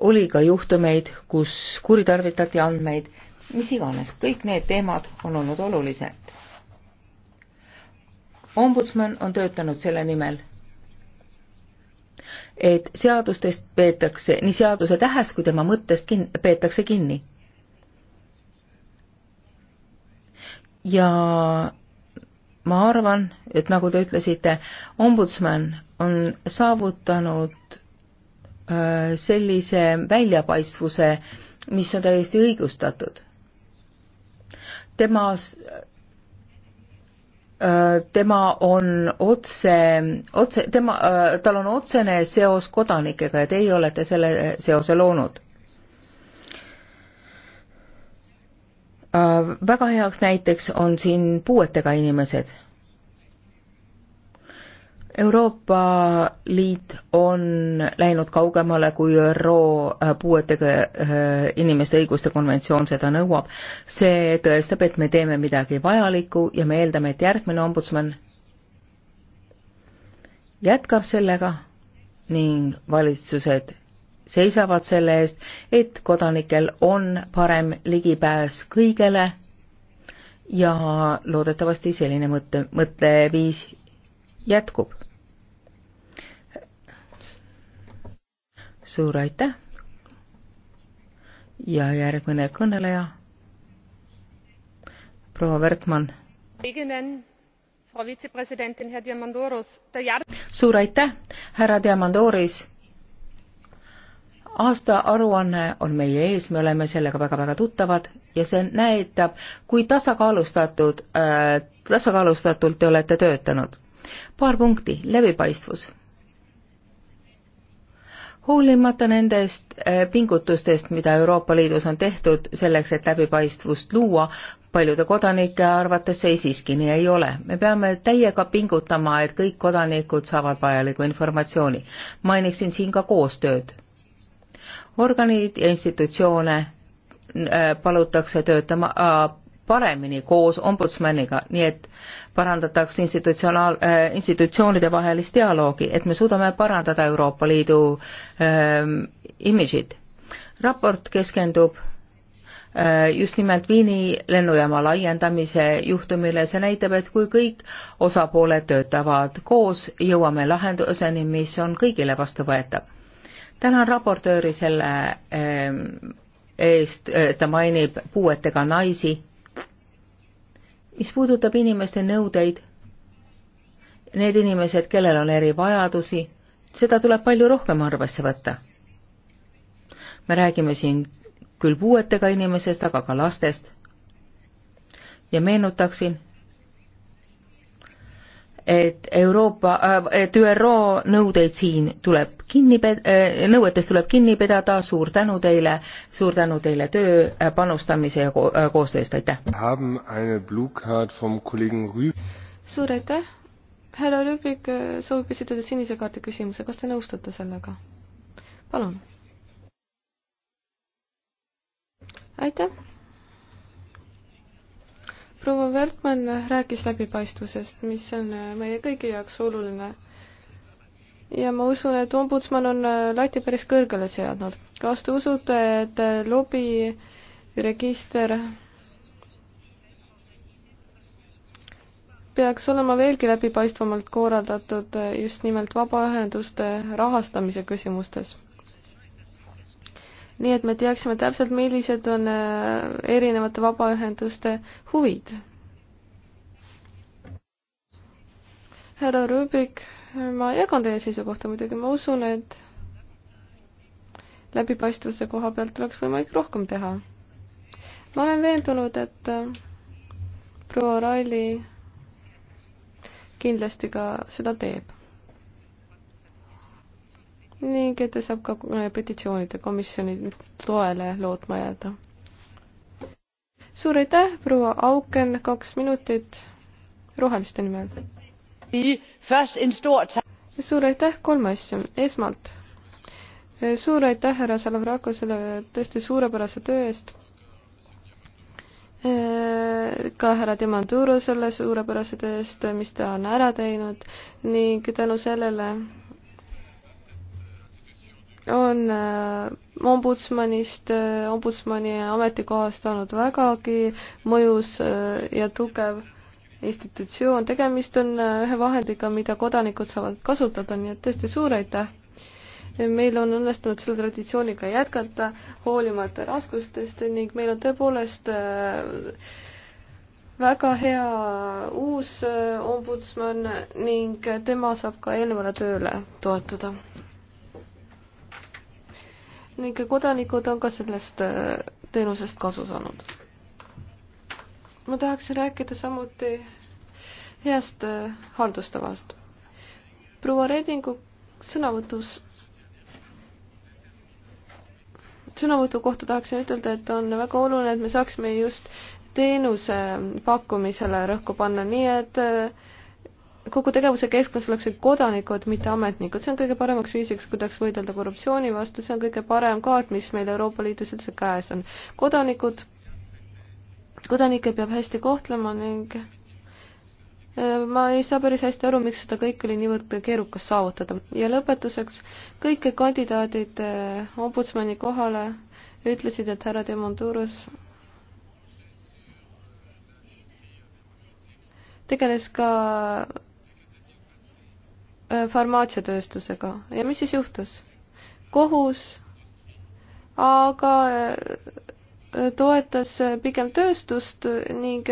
oli ka juhtumeid, kus kuritarvitati andmeid, mis iganes, kõik need teemad on olnud olulised. ombudsman on töötanud selle nimel, et seadustest peetakse, nii seaduse tähest kui tema mõttest kin-, peetakse kinni. ja ma arvan, et nagu te ütlesite, ombudsman on saavutanud äh, sellise väljapaistvuse, mis on täiesti õigustatud. temas Äh, tema on otse, otse, tema, äh, tal on otsene seos kodanikega ja teie olete selle seose loonud. Äh, väga heaks näiteks on siin puuetega inimesed Euroopa Liit on läinud kaugemale, kui ÜRO äh, puuetega äh, inimeste õiguste konventsioon seda nõuab. see tõestab, et me teeme midagi vajalikku ja me eeldame, et järgmine ombudsman jätkab sellega ning valitsused seisavad selle eest, et kodanikel on parem ligipääs kõigele ja loodetavasti selline mõtte, mõtteviis jätkub. suur aitäh. ja järgmine kõneleja. proua Wertmann. suur aitäh, härra Diamandoris aastaaruanne on meie ees, me oleme sellega väga-väga tuttavad ja see näitab, kui tasakaalustatud äh,, tasakaalustatult te olete töötanud paar punkti, läbipaistvus. hoolimata nendest äh, pingutustest, mida Euroopa Liidus on tehtud selleks, et läbipaistvust luua, paljude kodanike arvates see siiski nii ei ole. me peame täiega pingutama, et kõik kodanikud saavad vajaliku informatsiooni. mainiksin siin ka koostööd. organid ja institutsioone äh, palutakse töötama äh, paremini koos ombudsmaniga, nii et parandataks institutsionaal- äh,, institutsioonide vahelist dialoogi, et me suudame parandada Euroopa Liidu äh, imidžit. raport keskendub äh, just nimelt Viini lennujaama laiendamise juhtumile, see näitab, et kui kõik osapooled töötavad koos, jõuame lahenduseni, mis on kõigile vastuvõetav. tänan raportööri selle äh, eest, ta mainib puuetega naisi mis puudutab inimeste nõudeid, need inimesed, kellel on erivajadusi, seda tuleb palju rohkem arvesse võtta. me räägime siin küll puuetega inimesest, aga ka lastest. ja meenutaksin, et Euroopa, et ÜRO nõudeid siin tuleb kinni ped-, eh, nõuetest tuleb kinni pidada, suur tänu teile, suur tänu teile töö eh, panustamise ja ko eh, koostöö eest, aitäh! suur aitäh! härra Rüübik soovib esitada sinise kaardi küsimuse, kas te nõustute sellega? palun! aitäh! proua Wertmann rääkis läbipaistvusest, mis on äh, meie kõigi jaoks oluline. ja ma usun, et ombudsman on äh, lati päris kõrgele seadnud. kas te usute, et äh, lobiregister peaks olema veelgi läbipaistvamalt korraldatud just nimelt vabaühenduste rahastamise küsimustes? nii et me teaksime täpselt, millised on äh, erinevate vabaühenduste huvid. härra Rubik, ma jagan teie seisukohta muidugi, ma usun, et läbipaistvuse koha pealt oleks võimalik rohkem teha. ma olen veendunud, et äh, proua Raili kindlasti ka seda teeb ning et ta saab ka äh, petitsioonide komisjoni toele lootma jääda. suur aitäh, proua Auken, kaks minutit roheliste nimel. suur aitäh, kolm asja. esmalt, äh, suur aitäh härra Salavrako selle tõesti suurepärase töö eest äh, ka härra Demanduro selle suurepärase töö eest, mis ta on ära teinud ning tänu sellele on äh, ombudsmanist, äh, ombudsmani ametikohast olnud vägagi mõjus äh, ja tugev institutsioon, tegemist on ühe vahendiga, mida kodanikud saavad kasutada, nii et tõesti suur aitäh! meil on õnnestunud selle traditsiooniga jätkata hoolimata raskustest ning meil on tõepoolest väga hea uus ombudsman ning tema saab ka eelnevale tööle toetuda ning kodanikud on ka sellest äh, teenusest kasu saanud. ma tahaksin rääkida samuti heast äh, haldustavast. proua Redingu sõnavõtus, sõnavõtu kohta tahaksin ütelda, et on väga oluline, et me saaksime just teenuse äh, pakkumisele rõhku panna, nii et äh, kogu tegevuse keskmes oleksid kodanikud, mitte ametnikud, see on kõige paremaks viisiks, kuidas võidelda korruptsiooni vastu, see on kõige parem kaart, mis meil Euroopa Liidus üldse käes on. kodanikud, kodanikke peab hästi kohtlema ning äh, ma ei saa päris hästi aru, miks seda kõike oli niivõrd keerukas saavutada. ja lõpetuseks, kõik kandidaadid äh, ombudsmani kohale ütlesid, et härra Demontuurus tegeles ka Äh, farmaatsiatööstusega ja mis siis juhtus? kohus aga äh, toetas äh, pigem tööstust ning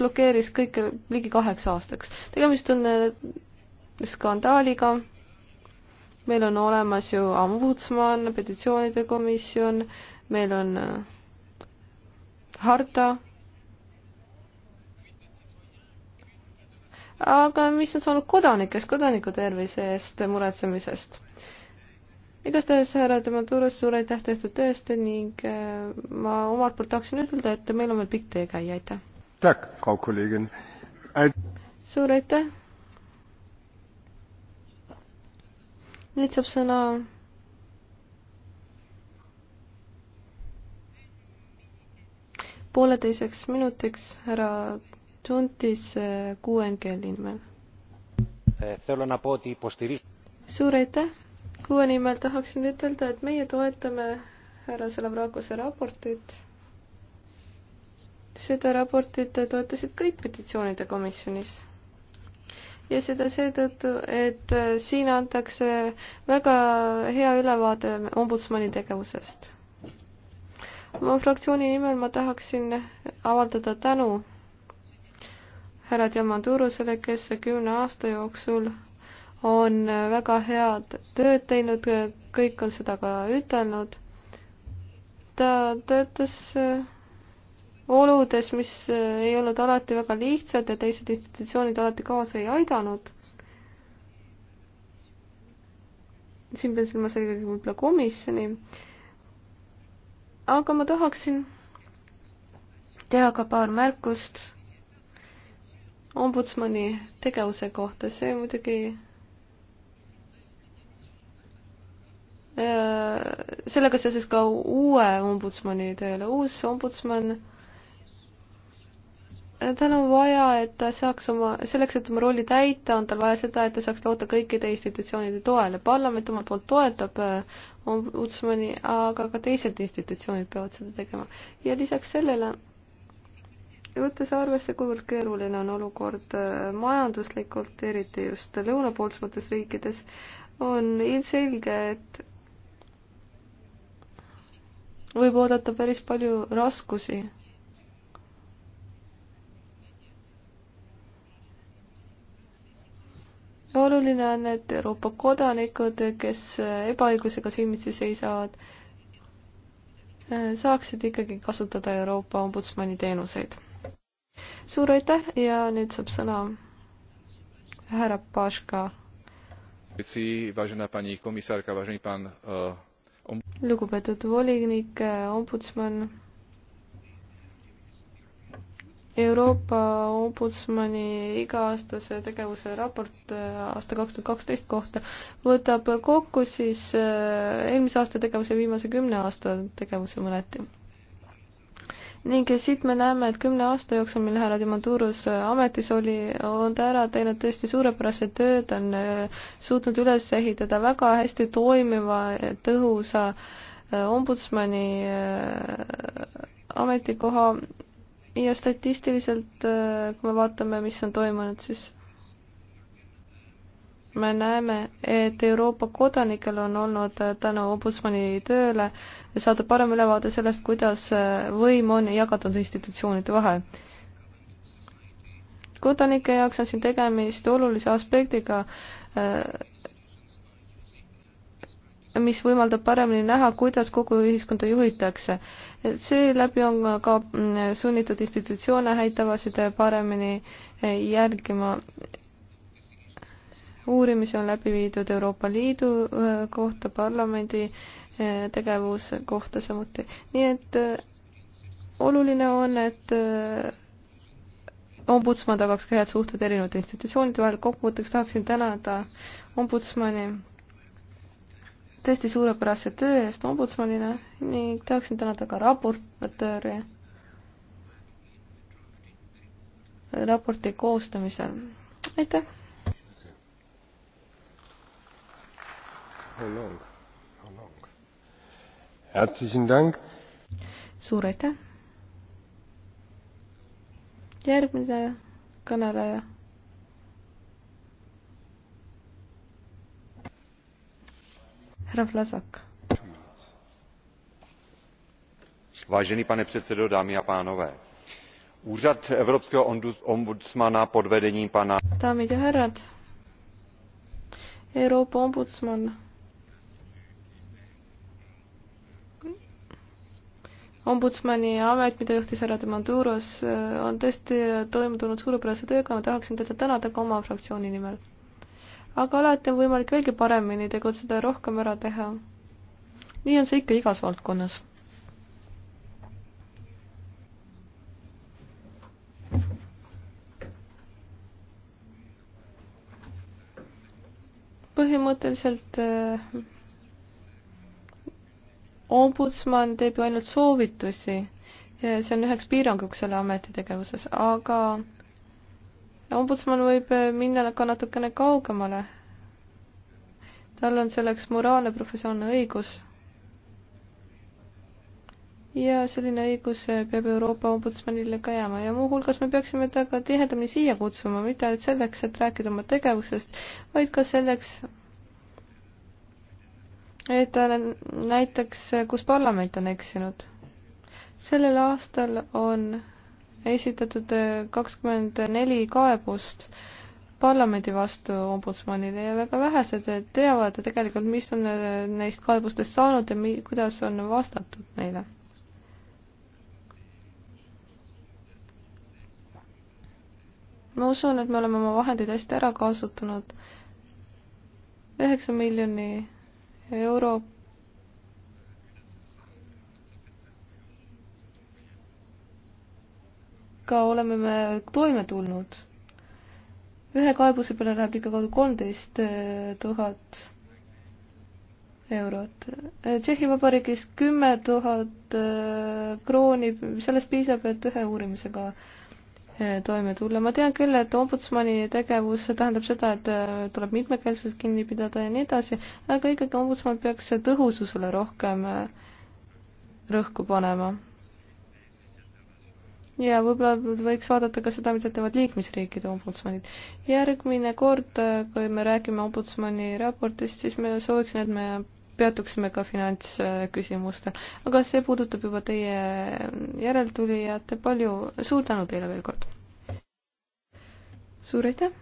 blokeeris kõike ligi kaheks aastaks. tegemist on skandaaliga, meil on olemas ju ombudsman, petitsioonide komisjon, meil on harta aga mis on saanud kodanikest, kodaniku tervise eest muretsemisest. igastahes, härra Demanturos, suur aitäh tehtud töö eest ning äh, ma omalt poolt tahaksin ütelda, et meil on veel pikk tee käia, aitäh. Äh, suur aitäh. nüüd saab sõna pooleteiseks minutiks härra Tšuntis QNGL-i nimel. suur aitäh, QE nimel tahaksin ütelda, et meie toetame härra Salavrakose raportit. seda raportit toetasid kõik petitsioonide komisjonis ja seda seetõttu, et äh, siin antakse väga hea ülevaade ombudsmani tegevusest. oma fraktsiooni nimel ma tahaksin avaldada tänu härra Diamandurusele, kes kümne aasta jooksul on väga head tööd teinud, kõik on seda ka ütelnud. ta töötas äh, oludes, mis äh, ei olnud alati väga lihtsad ja teised institutsioonid alati kaasa ei aidanud. siin pean silmas eelkõige võib-olla komisjoni. aga ma tahaksin teha ka paar märkust ombudsmani tegevuse kohta, see muidugi äh, sellega seoses ka uue ombudsmani tööle, uus ombudsman, äh, tal on vaja, et ta saaks oma, selleks, et oma rolli täita, on tal vaja seda, et ta saaks loota kõikide institutsioonide toele. parlament omalt poolt toetab äh, ombudsmani, aga ka teised institutsioonid peavad seda tegema. ja lisaks sellele ja võttes arvesse, kuivõrd keeruline on olukord äh, majanduslikult, eriti just lõunapoolsemates riikides, on ilmselge, et võib oodata päris palju raskusi. oluline on, et Euroopa kodanikud, kes ebaõiglusega silmitsi seisavad, äh, saaksid ikkagi kasutada Euroopa Ombudsmani teenuseid suur aitäh ja nüüd saab sõna härra Paška. Eh, lugupeetud volinik, eh, ombudsman Euroopa Ombudsmani iga-aastase tegevuse raport eh, aasta kaks tuhat kaksteist kohta võtab kokku siis eelmise aasta tegevuse viimase kümne aasta tegevuse mõneti ning siit me näeme, et kümne aasta jooksul, mil härra Dimaturus ametis oli, on ta ära teinud tõesti suurepärase tööd, on äh, suutnud üles ehitada väga hästi toimiva, tõhusa äh, ombudsmani äh, ametikoha ja statistiliselt, kui me vaatame, mis on toimunud, siis me näeme, et Euroopa kodanikel on olnud äh, tänu ombudsmani tööle saada parem ülevaade sellest, kuidas äh, võim on jagatud institutsioonide vahel. kodanike jaoks on siin tegemist olulise aspektiga, äh, mis võimaldab paremini näha, kuidas kogu ühiskonda juhitakse. seeläbi on ka mm, sunnitud institutsioone häid tavasid paremini järgima uurimisi on läbi viidud Euroopa Liidu äh, kohta, parlamendi äh, tegevuse kohta samuti, nii et äh, oluline on, et ombudsman tagaks ka head suhted erinevate institutsioonide vahel, kokkuvõtteks tahaksin tänada ombudsmani tõesti suurepärase töö eest ombudsmanina ning tahaksin tänada ka raportööri raporti koostamisel. aitäh! suur aitäh. järgmine kõneleja. härra Vlasak. vážený pane předsedo, dámy a pánové, úřad Evropského ombudsmana pod vedením pana. daamid ja härrad, Euroopa ombudsman ombudsmani amet, mida juhtis härra Demanduros, äh, on tõesti toime tulnud suurepärase tööga, ma tahaksin teda tänada ka oma fraktsiooni nimel. aga alati on võimalik veelgi paremini tegutseda ja rohkem ära teha. nii on see ikka igas valdkonnas põhimõtteliselt äh, ombudsman teeb ju ainult soovitusi, see on üheks piiranguks selle ameti tegevuses, aga ombudsman võib eh, minna ka natukene kaugemale. tal on selleks moraalne professionaalne õigus. ja selline õigus eh, peab Euroopa ombudsmanile ka jääma ja muuhulgas me peaksime ta ka tihedamini siia kutsuma, mitte ainult selleks, et rääkida oma tegevusest, vaid ka selleks, et näiteks, kus parlament on eksinud. sellel aastal on esitatud kakskümmend neli kaebust parlamendi vastu ombudsmanile ja väga vähesed teavad tegelikult, mis on neist kaebustest saanud ja mi-, kuidas on vastatud neile. ma usun, et me oleme oma vahendeid hästi ära kasutanud. üheksa miljoni euro ka oleme me toime tulnud. ühe kaebuse peale läheb ligikaudu kolmteist äh, tuhat eurot. Äh, Tšehhi Vabariigis kümme tuhat äh, krooni, sellest piisab, et ühe uurimisega äh, Eh, toime tulla. ma tean küll, et ombudsmani tegevus tähendab seda, et eh, tuleb mitmekesisust kinni pidada ja nii edasi, aga ikkagi ombudsman peaks tõhususele rohkem eh, rõhku panema. ja võib-olla võiks vaadata ka seda, mida teevad liikmesriikide ombudsmanid. järgmine kord, kui me räägime ombudsmani raportist, siis me sooviksin, et me peatuksime ka finantsküsimustel. aga see puudutab juba teie järeltulijate palju, suur tänu teile veel kord! suur aitäh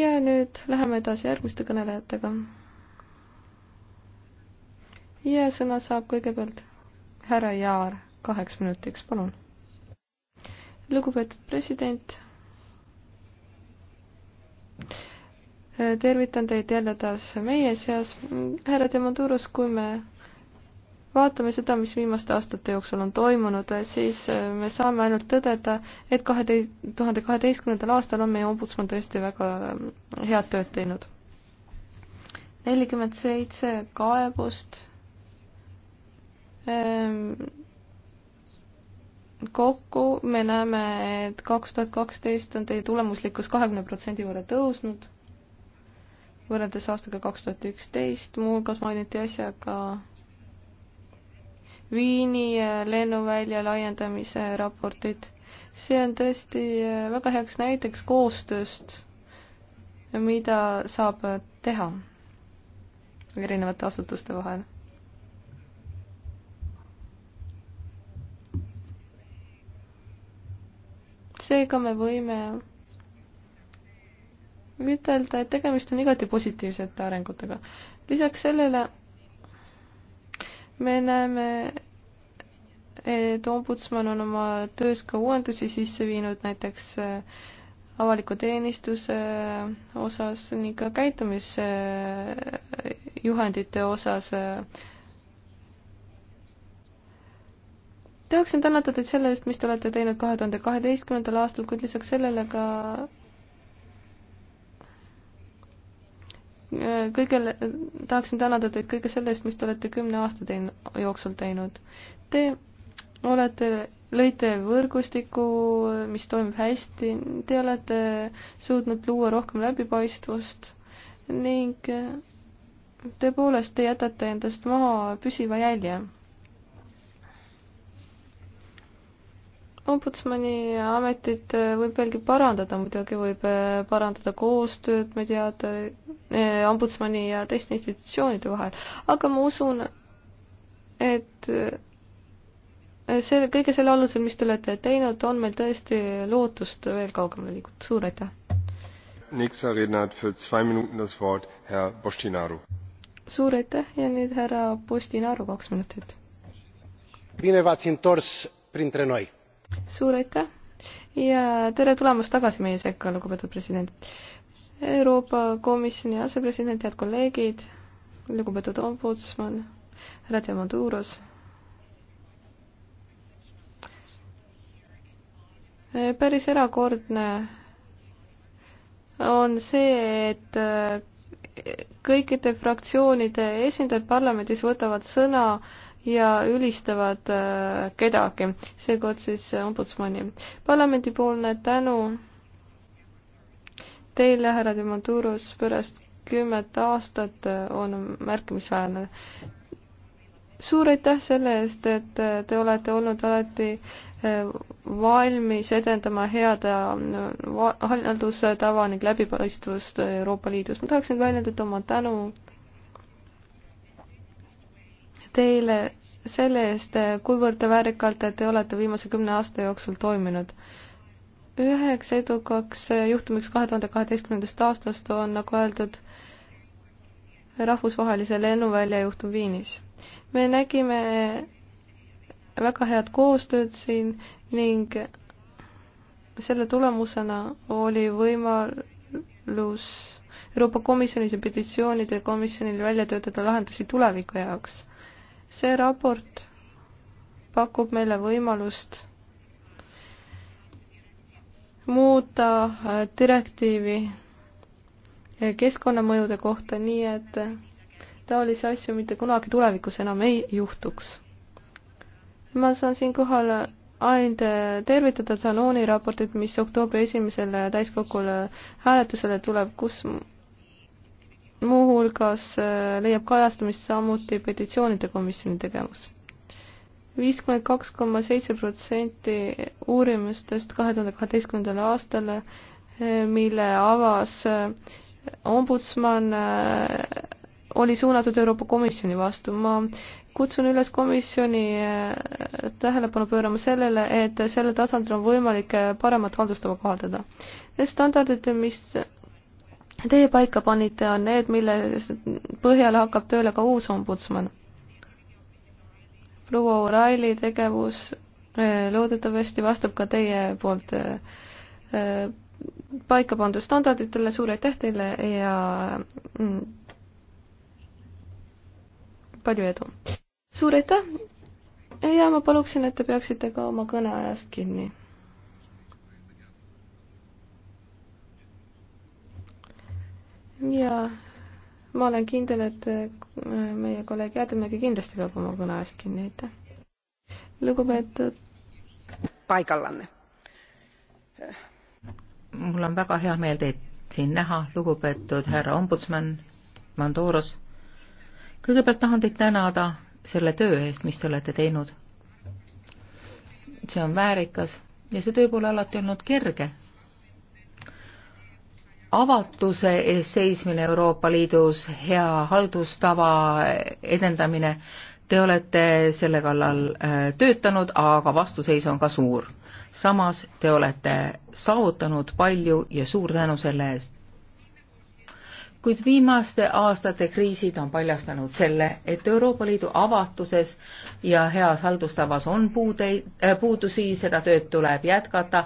ja nüüd läheme edasi järgmiste kõnelejatega. ja sõna saab kõigepealt härra Jaar kaheks minutiks, palun. lugupeetud president, tervitan teid jälle taas meie seas. härra Demoduros, kui me vaatame seda, mis viimaste aastate jooksul on toimunud, siis äh, me saame ainult tõdeda, et kahe tuhande kaheteistkümnendal aastal on meie ombudsman tõesti väga äh, head tööd teinud. nelikümmend seitse kaebust ähm, kokku me näeme, et kaks tuhat kaksteist on teie tulemuslikkus kahekümne protsendi võrra tõusnud võrreldes aastaga kaks tuhat üksteist, muuhulgas mainiti asja ka Viini lennuvälja laiendamise raportit. see on tõesti väga heaks näiteks koostööst, mida saab teha erinevate asutuste vahel seega me võime ütelda, et tegemist on igati positiivsete arengutega. lisaks sellele me näeme, et ombudsman on oma töös ka uuendusi sisse viinud, näiteks äh, avaliku teenistuse äh, osas ning ka käitumisjuhendite äh, osas. tahaksin tänada teid selle eest, mis te olete teinud kahe tuhande kaheteistkümnendal aastal, kuid lisaks sellele ka kõigele, tahaksin tänada teid kõige selle eest, mis te olete kümne aasta tein-, jooksul teinud. Te olete, lõite võrgustiku, mis toimib hästi, te olete suutnud luua rohkem läbipaistvust ning tõepoolest, te jätate endast maha püsiva jälje ombudsmani ametit äh, võib veelgi parandada, muidugi võib äh, parandada koostööd, ma ei tea, äh, ombudsmani ja teiste institutsioonide vahel, aga ma usun, et see, kõige selle alusel, mis te olete teinud, on meil tõesti lootust veel kaugemale liikuda, suur aitäh! suur aitäh ja nüüd härra Postinaru, kaks minutit! bine v ați întors printre noi! suur aitäh ja tere tulemast tagasi meie sekka, lugupeetud president. Euroopa Komisjoni asepresident, head kolleegid, lugupeetud ombudsman, härra Diamanduros. päris erakordne on see, et kõikide fraktsioonide esindajad parlamendis võtavad sõna äh, ja ülistavad äh, kedagi, seekord siis äh, ombudsmani. parlamendipoolne tänu teile, härra Demonturus, pärast kümmet aastat äh, on märkimisväärne. suur aitäh selle eest, et te olete olnud alati valmis edendama head haldustava ning läbipaistvust Euroopa Liidus. ma tahaksin väljendada oma tänu teile selle eest, kuivõrd väärikalt te olete viimase kümne aasta jooksul toiminud. üheks edukaks juhtumiks kahe tuhande kaheteistkümnendast aastast on, nagu öeldud, rahvusvahelise lennuvälja juhtum Viinis. me nägime väga head koostööd siin ning selle tulemusena oli võimalus Euroopa Komisjonis ja petitsioonide komisjonil välja töötada lahendusi tuleviku jaoks see raport pakub meile võimalust muuta äh, direktiivi äh, keskkonnamõjude kohta nii, et äh, taolisi asju mitte kunagi tulevikus enam ei juhtuks. ma saan siinkohal ainult tervitada Zanooni raportit, mis oktoobri esimesele täiskogule hääletusele tuleb, kus muuhulgas äh, leiab kajastamist samuti petitsioonide komisjoni tegevus. viiskümmend kaks koma seitse protsenti uurimustest kahe tuhande kaheteistkümnendal aastal, äh, mille avas äh, ombudsman, oli suunatud Euroopa Komisjoni vastu. ma kutsun üles komisjoni tähelepanu pöörama sellele, et sellel tasandil on võimalik paremat haldustava kohaldada. Need standardid, mis teie paika panite, on need, mille põhjal hakkab tööle ka uus ombudsman. proua O'Reilly tegevus eh, loodetavasti vastab ka teie poolt eh, eh, paika pandud standarditele, suur aitäh teile ja mm, palju edu! suur aitäh ja ma paluksin, et te peaksite ka oma kõneajast kinni ja ma olen kindel, et äh, meie kolleeg Jäätemägi kindlasti peab oma kõne eest kinni, aitäh. lugupeetud. paigallanne. mul on väga hea meel teid siin näha, lugupeetud härra ombudsman Mandoros. kõigepealt tahan teid tänada selle töö eest, mis te olete teinud. see on väärikas ja see töö pole alati olnud kerge avatuse eest seismine Euroopa Liidus, hea haldustava edendamine. Te olete selle kallal äh, töötanud, aga vastuseis on ka suur. samas te olete saavutanud palju ja suur tänu selle eest kuid viimaste aastate kriisid on paljastanud selle, et Euroopa Liidu avatuses ja heas haldustavas on puudeid, äh, puudusi, seda tööd tuleb jätkata,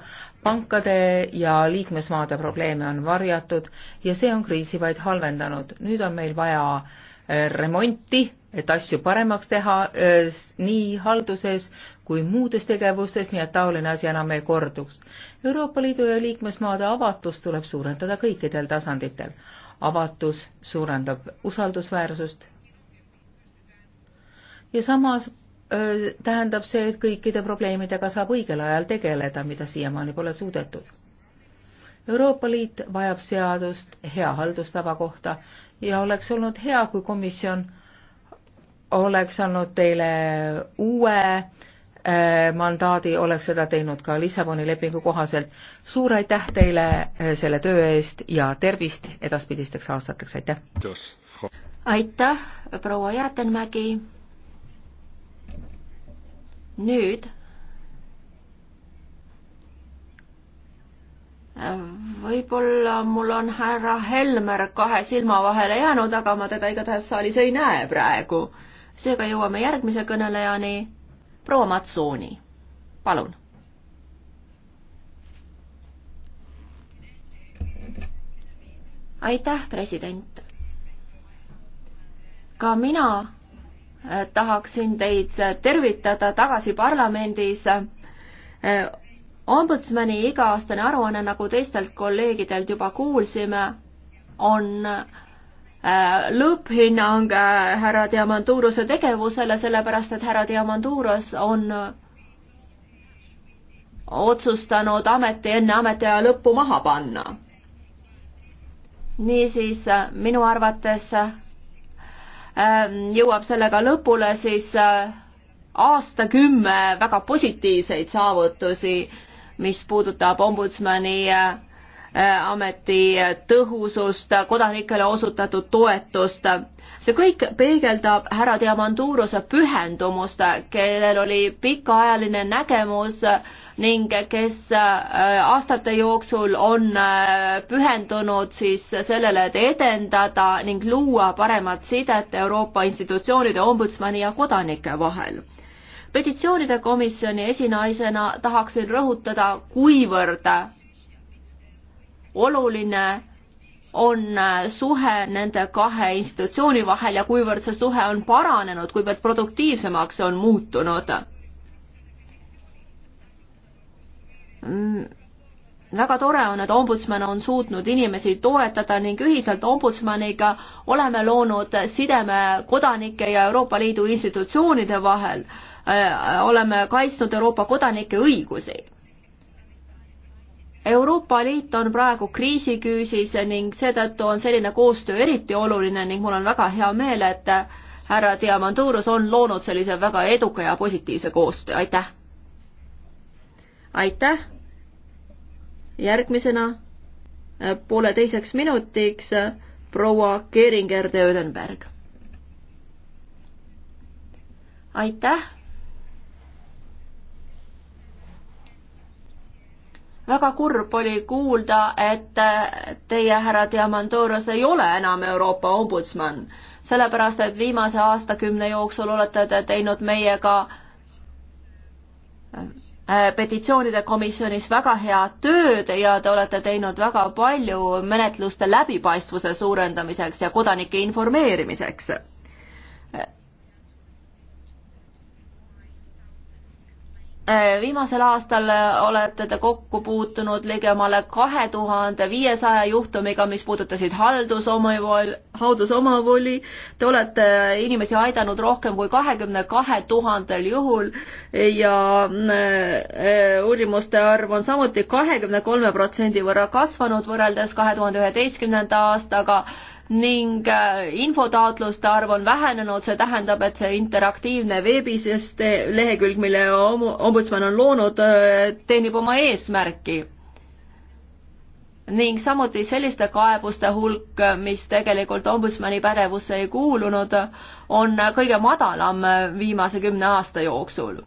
pankade ja liikmesmaade probleeme on varjatud ja see on kriisi vaid halvendanud. nüüd on meil vaja äh, remonti, et asju paremaks teha äh, nii halduses kui muudes tegevustes, nii et taoline asi enam ei korduks. Euroopa Liidu ja liikmesmaade avatust tuleb suurendada kõikidel tasanditel avatus suurendab usaldusväärsust ja samas öö, tähendab see, et kõikide probleemidega saab õigel ajal tegeleda, mida siiamaani pole suudetud. Euroopa Liit vajab seadust hea haldustava kohta ja oleks olnud hea, kui komisjon oleks andnud teile uue Äh, mandaadi, oleks seda teinud ka Lissaboni lepingu kohaselt. suur aitäh teile äh, selle töö eest ja tervist edaspidisteks aastateks, aitäh! aitäh, proua Jäätenmägi! nüüd võib-olla mul on härra Helmer kahe silma vahele jäänud, aga ma teda igatahes saalis ei näe praegu. seega jõuame järgmise kõnelejani proua Matsooni, palun. aitäh, president. ka mina äh, tahaksin teid tervitada tagasi parlamendis. Äh, ombudsmani iga-aastane aruanne, nagu teistelt kolleegidelt juba kuulsime, on Äh, lõpphinnang äh, härra Diamanturose tegevusele, sellepärast et härra Diamanturos on äh, otsustanud ameti enne ametiaja lõppu maha panna. niisiis minu arvates ähm, jõuab sellega lõpule siis aastakümme väga positiivseid saavutusi, mis puudutab ombudsmani Äh, ameti tõhusust, kodanikele osutatud toetust. see kõik peegeldab härra Diamanturose pühendumust, kellel oli pikaajaline nägemus ning kes äh, aastate jooksul on äh, pühendunud siis sellele, et edendada ning luua paremat sidet Euroopa institutsioonide, ombudsmani ja kodanike vahel petitsioonide komisjoni esinaisena tahaksin rõhutada, kuivõrd oluline on suhe nende kahe institutsiooni vahel ja kuivõrd see suhe on paranenud, kuivõrd produktiivsemaks see on muutunud mm väga tore on, et ombudsman on suutnud inimesi toetada ning ühiselt ombudsmaniga oleme loonud sideme kodanike ja Euroopa Liidu institutsioonide vahel. Äh, oleme kaitsnud Euroopa kodanike õigusi Euroopa Liit on praegu kriisiküüsis ning seetõttu on selline koostöö eriti oluline ning mul on väga hea meel, et härra Diamandouros on loonud sellise väga eduka ja positiivse koostöö, aitäh! aitäh! järgmisena äh, pooleteiseks minutiks äh, proua Keringer de Ödenberg. aitäh! väga kurb oli kuulda, et äh, teie, härra Diamandoros, ei ole enam Euroopa ombudsman, sellepärast et viimase aastakümne jooksul olete te teinud meiega äh, petitsioonide komisjonis väga head tööd ja te olete teinud väga palju menetluste läbipaistvuse suurendamiseks ja kodanike informeerimiseks Äh, viimasel aastal äh, olete te kokku puutunud ligemale kahe tuhande viiesaja juhtumiga, mis puudutasid haldusomavoli, haldusomavoli. Te olete inimesi aidanud rohkem kui kahekümne kahe tuhandel juhul ja äh, uurimuste arv on samuti kahekümne kolme protsendi võrra kasvanud võrreldes kahe tuhande üheteistkümnenda aastaga ning äh, infotaotluste arv on vähenenud, see tähendab, et see interaktiivne veebisüsteem, lehekülg, mille ombudsman on loonud, äh, teenib oma eesmärki. ning samuti selliste kaebuste hulk, mis tegelikult ombudsmani pädevusse ei kuulunud, on kõige madalam viimase kümne aasta jooksul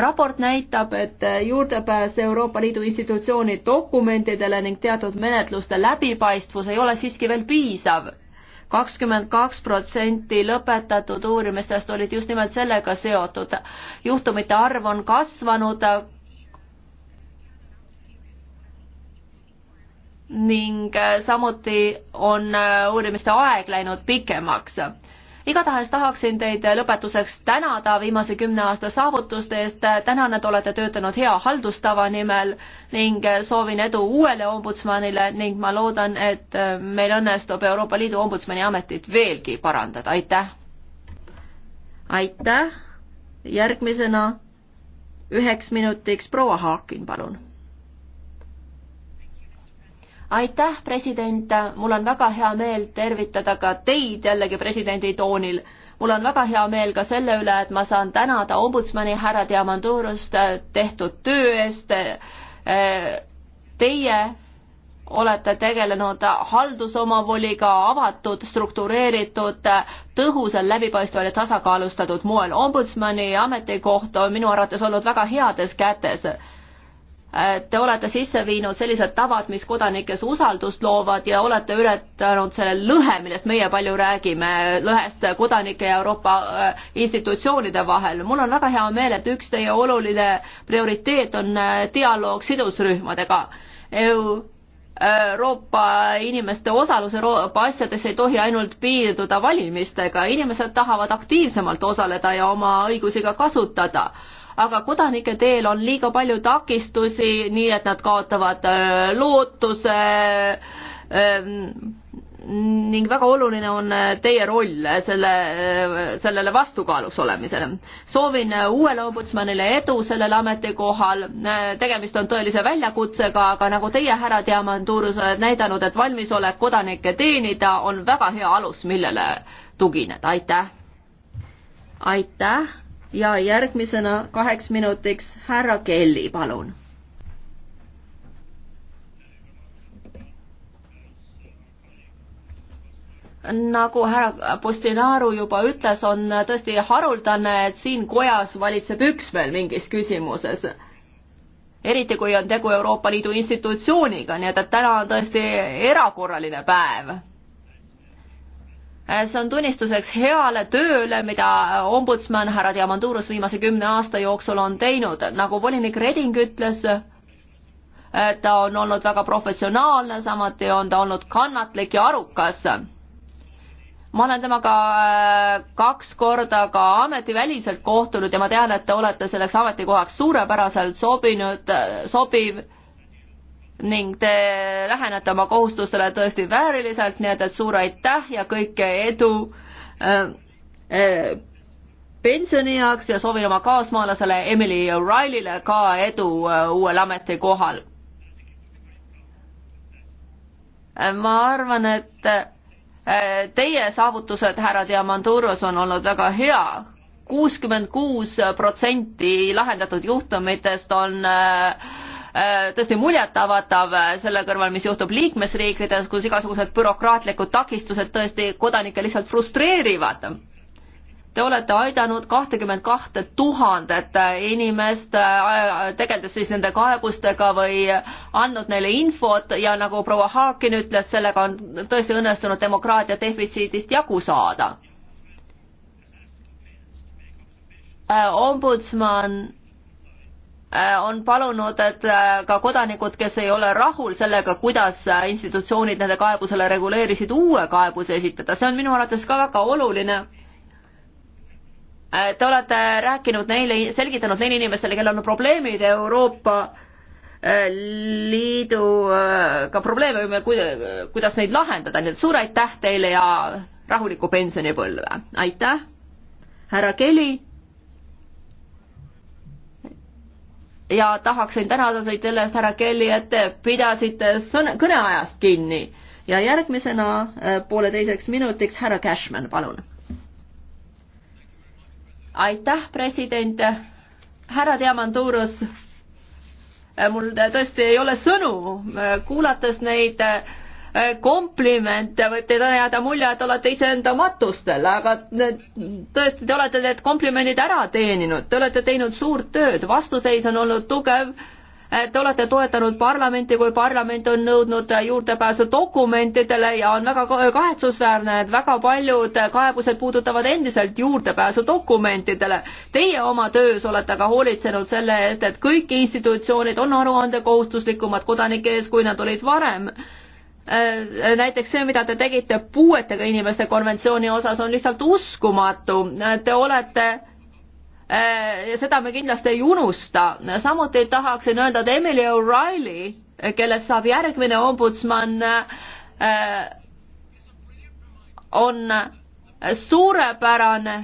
raport näitab, et juurdepääs Euroopa Liidu institutsiooni dokumentidele ning teatud menetluste läbipaistvus ei ole siiski veel piisav kakskümmend kaks protsenti lõpetatud uurimistest olid just nimelt sellega seotud. juhtumite arv on kasvanud ning samuti on uurimiste aeg läinud pikemaks igatahes tahaksin teid lõpetuseks tänada viimase kümne aasta saavutuste eest, tänan, et olete töötanud hea haldustava nimel ning soovin edu uuele ombudsmanile ning ma loodan, et meil õnnestub Euroopa Liidu ombudsmani ametit veelgi parandada, aitäh! aitäh, järgmisena üheks minutiks proua Haakin, palun aitäh, president, mul on väga hea meel tervitada ka teid jällegi presidendi toonil. mul on väga hea meel ka selle üle, et ma saan tänada ombudsmani härra Diamandurust tehtud töö eest. Teie olete tegelenud haldusomavoliga avatud, struktureeritud, tõhusal, läbipaistval ja tasakaalustatud moel. ombudsmani ametikoht on minu arvates olnud väga heades kätes Äh, te olete sisse viinud sellised tavad, mis kodanikes usaldust loovad ja olete ületanud selle lõhe, millest meie palju räägime, lõhest kodanike ja Euroopa äh, institutsioonide vahel. mul on väga hea meel, et üks teie oluline prioriteet on äh, dialoog sidusrühmadega EU. Euroopa inimeste osalus Euroopa asjades ei tohi ainult piirduda valimistega, inimesed tahavad aktiivsemalt osaleda ja oma õigusi ka kasutada aga kodanike teel on liiga palju takistusi, nii et nad kaotavad äh, lootuse ähm, ning väga oluline on äh, teie roll selle, äh, sellele vastukaaluks olemisele. soovin uuele ombudsmanile edu sellel ametikohal, tegemist on tõelise väljakutsega, aga nagu teie, härra Diamandouros, olete näidanud, et valmisolek kodanikke teenida on väga hea alus, millele tugineda, aitäh! aitäh! ja järgmisena kaheks minutiks härra Kelly, palun. nagu härra Postinaru juba ütles, on tõesti haruldane, et siin kojas valitseb üksmeel mingis küsimuses eriti kui on tegu Euroopa Liidu institutsiooniga, nii et, et täna on tõesti erakorraline päev Äh, see on tunnistuseks heale tööle, mida ombudsman härra Diamandouros viimase kümne aasta jooksul on teinud. nagu volinik Reding ütles, äh, ta on olnud väga professionaalne, samuti on ta olnud kannatlik ja arukas. ma olen temaga äh, kaks korda ka ametiväliselt kohtunud ja ma tean, et te olete selleks ametikohaks suurepäraselt sobinud, sobiv ning te lähenete oma kohustustele tõesti vääriliselt, nii et, et suur aitäh ja kõike edu äh, äh, pensionieaks ja soovin oma kaasmaalasele Emily O'Reillyle ka edu äh, uuel ametikohal. Äh, ma arvan, et äh, teie saavutused, härra Diamanduros, on olnud väga hea. kuuskümmend kuus protsenti lahendatud juhtumitest on äh, Äh, tõesti muljetavatav äh, selle kõrval, mis juhtub liikmesriikides, kus igasugused bürokraatlikud takistused tõesti kodanikke lihtsalt frustreerivad. Te olete aidanud kahtekümmet kahte tuhandet äh, inimest, tegeldes siis nende kaebustega või andnud neile infot ja nagu proua Harkin ütles, sellega on tõesti õnnestunud demokraatia defitsiidist jagu saada. ombudsman Äh, on palunud, et äh, ka kodanikud, kes ei ole rahul sellega, kuidas äh, institutsioonid nende kaebusele reguleerisid, uue kaebuse esitada, see on minu arvates ka väga oluline. Te olete rääkinud neile, selgitanud neile inimestele, kellel on probleemid Euroopa Liiduga probleeme, kuidas neid lahendada, nii et suur aitäh teile ja rahulikku pensionipõlve, aitäh, härra Keli ja tahaksin tänada teid selle eest, härra Kelly, et te pidasite sõne, kõneajast kinni. ja järgmisena äh, pooleteiseks minutiks härra Cashman, palun. aitäh, president. härra Diamandouros, äh, mul tõesti ei ole sõnu, äh, kuulates neid äh, komplimente, võib teile jääda mulje, et olete iseenda matustel, aga tõesti, te olete need komplimendid ära teeninud, te olete teinud suurt tööd, vastuseis on olnud tugev, te olete toetanud parlamenti, kui parlament on nõudnud juurdepääsu dokumentidele ja on väga kahetsusväärne, et väga paljud kaebused puudutavad endiselt juurdepääsu dokumentidele. Teie oma töös olete aga hoolitsenud selle eest, et kõik institutsioonid on aruandekohustuslikumad kodanike ees, kui nad olid varem Äh, äh, näiteks see, mida te tegite puuetega inimeste konventsiooni osas, on lihtsalt uskumatu. Äh, te olete ja seda me kindlasti ei unusta. samuti tahaksin öelda, et Emily O'Reilly, kellest saab järgmine ombudsman, on suurepärane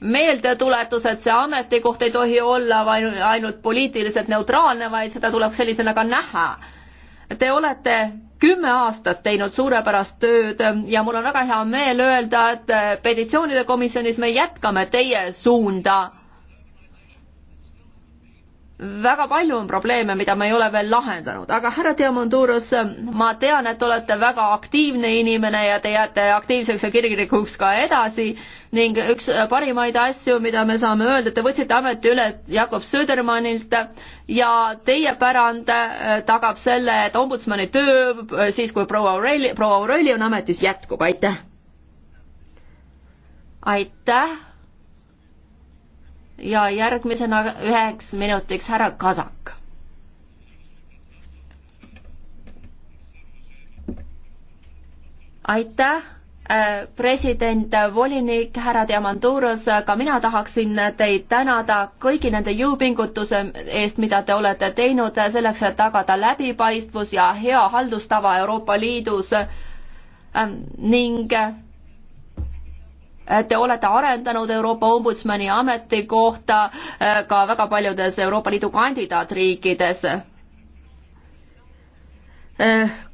meeldetuletus, et see ametikoht ei tohi olla ainult poliitiliselt neutraalne, vaid seda tuleb sellisena ka näha. Te olete kümme aastat teinud suurepärast tööd ja mul on väga hea meel öelda, et petitsioonide komisjonis me jätkame teie suunda väga palju on probleeme, mida me ei ole veel lahendanud, aga härra Diamanduros, ma tean, et olete väga aktiivne inimene ja te jääte aktiivseks ja kirglikuks ka edasi ning üks parimaid asju, mida me saame öelda, te võtsite ameti üle Jakob Södermanilt ja teie pärand äh, tagab selle, et ombudsmani töö äh, siis, kui proua Aureli, proua Aureli on ametis, jätkub, aitäh! aitäh! ja järgmisena üheks minutiks härra Kasak. aitäh, äh, president, volinik, härra Diamanduros, ka mina tahaksin teid tänada kõigi nende jõupingutuse eest, mida te olete teinud selleks, et tagada läbipaistvus ja hea haldustava Euroopa Liidus ähm, ning äh, Te olete arendanud Euroopa Ombudsmani ametikohta eh, ka väga paljudes Euroopa Liidu kandidaatriikides. Eh,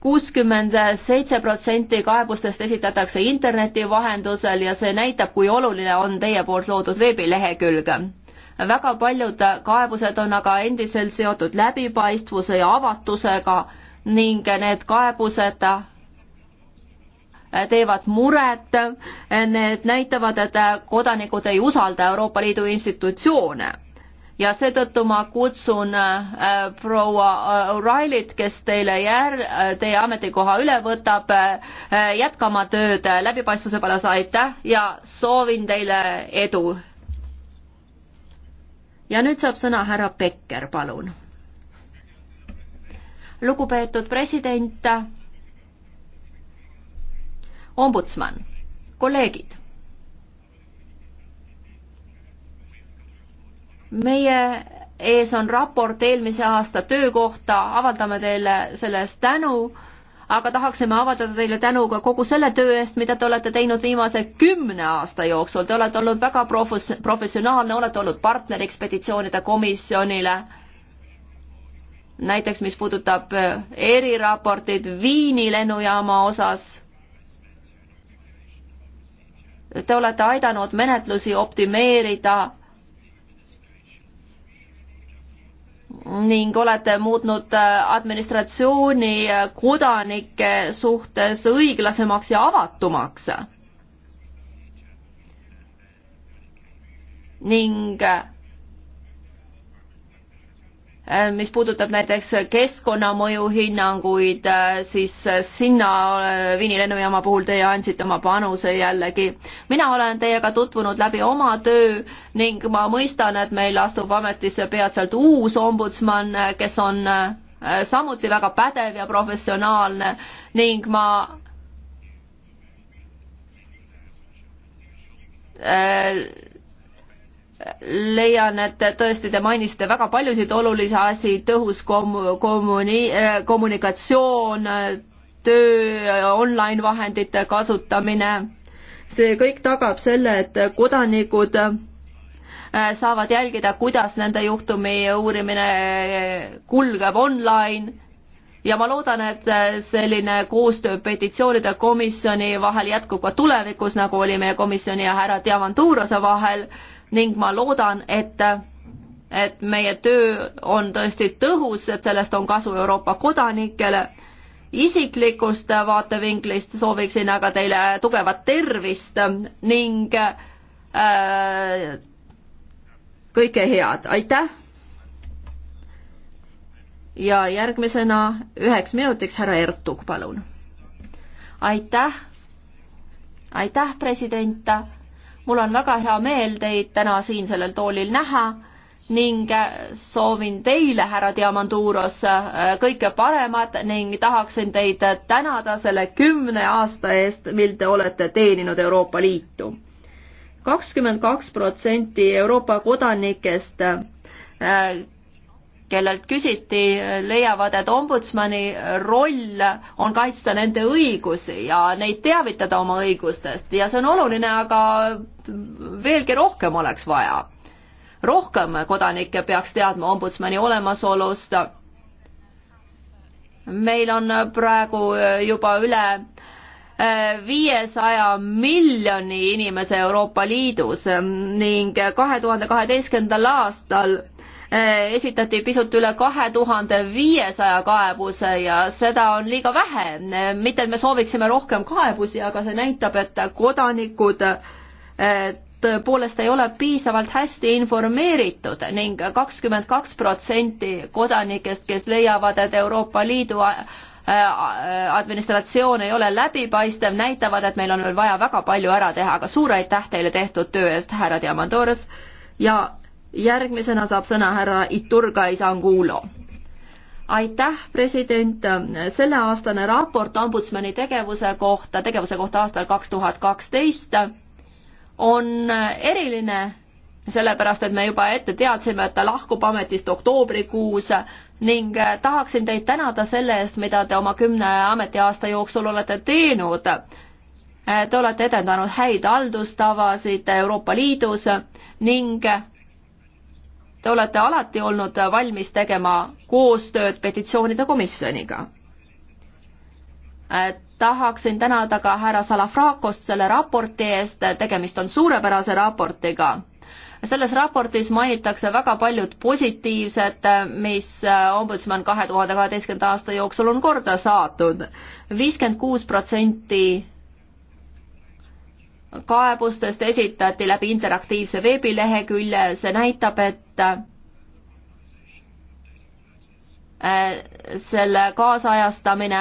kuuskümmend seitse protsenti kaebustest esitatakse interneti vahendusel ja see näitab, kui oluline on teie poolt loodud veebilehekülg väga paljud kaebused on aga endiselt seotud läbipaistvuse ja avatusega ning need kaebused teevad muret, need näitavad, et kodanikud ei usalda Euroopa Liidu institutsioone ja seetõttu ma kutsun äh, proua äh, O'Reillyt, kes teile jär-, äh, teie ametikoha üle võtab äh,, jätkama tööd äh, läbipaistvuse pärast, aitäh ja soovin teile edu. ja nüüd saab sõna härra Pekker, palun. lugupeetud president ombudsman, kolleegid. meie ees on raport eelmise aasta töö kohta, avaldame teile selle eest tänu, aga tahaksime avaldada teile tänu ka kogu selle töö eest, mida te olete teinud viimase kümne aasta jooksul. Te olete olnud väga profes-, professionaalne, olete olnud partner ekspeditsioonide komisjonile näiteks mis puudutab eh, eriraporteid Viini lennujaama osas. Te olete aidanud menetlusi optimeerida ning olete muutnud äh, administratsiooni äh, kodanike suhtes õiglasemaks ja avatumaks. ning äh, Äh, mis puudutab näiteks keskkonnamõju hinnanguid, äh, siis äh, sinna Viini lennujaama puhul teie andsite oma panuse jällegi. mina olen teiega tutvunud läbi oma töö ning ma mõistan, et meil astub ametisse peatselt uus ombudsman, kes on samuti väga pädev ja professionaalne ning ma äh, leian, et tõesti te mainisite väga paljusid olulisi asi, tõhus kom-, kommuni-, äh, kommunikatsioon, töö, online vahendite kasutamine, see kõik tagab selle, et kodanikud äh, saavad jälgida, kuidas nende juhtumi uurimine äh, kulgeb online ja ma loodan, et selline koostöö petitsioonide komisjoni vahel jätkub ka tulevikus, nagu oli meie komisjoni ja härra Diamantouros vahel ning ma loodan, et et meie töö on tõesti tõhus, et sellest on kasu Euroopa kodanikele. isiklikust vaatevinklist sooviksin aga teile tugevat tervist ning äh, kõike head, aitäh! ja järgmisena üheks minutiks härra Ertug, palun. aitäh, aitäh, president mul on väga hea meel teid täna siin sellel toolil näha ning soovin teile, härra Diamanduros, kõike paremat ning tahaksin teid tänada selle kümne aasta eest, mil te olete teeninud Euroopa Liitu. kakskümmend kaks protsenti Euroopa kodanikest kellelt küsiti, leiavad, et ombudsmani roll on kaitsta nende õigusi ja neid teavitada oma õigustest ja see on oluline, aga veelgi rohkem oleks vaja. rohkem kodanikke peaks teadma ombudsmani olemasolust. meil on praegu juba üle eh, viiesaja miljoni inimese Euroopa Liidus ning kahe tuhande kaheteistkümnendal aastal Eh, esitati pisut üle kahe tuhande viiesaja kaebuse ja seda on liiga vähe. Eh, mitte, et me sooviksime rohkem kaebusi, aga see näitab, et kodanikud eh, tõepoolest ei ole piisavalt hästi informeeritud ning kakskümmend kaks protsenti kodanikest, kes leiavad, et Euroopa Liidu administratsioon ei ole läbipaistev, näitavad, et meil on veel vaja väga palju ära teha, aga suur aitäh teile tehtud töö eest, härra Diamandoros ja järgmisena saab sõna härra Iturgais Angulo. aitäh, president, selleaastane raport ombudsmani tegevuse kohta, tegevuse kohta aastal kaks tuhat kaksteist on eriline, sellepärast et me juba ette teadsime, et ta lahkub ametist oktoobrikuus ning tahaksin teid tänada selle eest, mida te oma kümne ametiaasta jooksul olete teinud. Te olete edendanud häid haldustavasid Euroopa Liidus ning Te olete alati olnud valmis tegema koostööd petitsioonide komisjoniga. Äh, tahaksin tänada ka härra Salafrakost selle raporti eest, tegemist on suurepärase raportiga selles raportis mainitakse väga paljud positiivsed, mis äh, ombudsman kahe tuhande kaheteistkümnenda aasta jooksul on korda saatnud. viiskümmend kuus protsenti kaebustest esitati läbi interaktiivse veebilehekülje, see näitab, et äh, selle kaasajastamine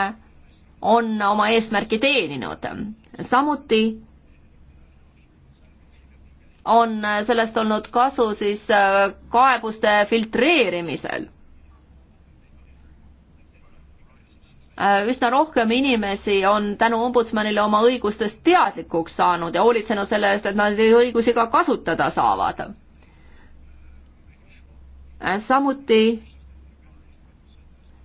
on oma eesmärki teeninud. samuti on sellest olnud kasu siis äh, kaebuste filtreerimisel Äh, üsna rohkem inimesi on tänu ombudsmanile oma õigustest teadlikuks saanud ja hoolitsenud selle eest, et nad neid õigusi ka kasutada saavad. Äh, samuti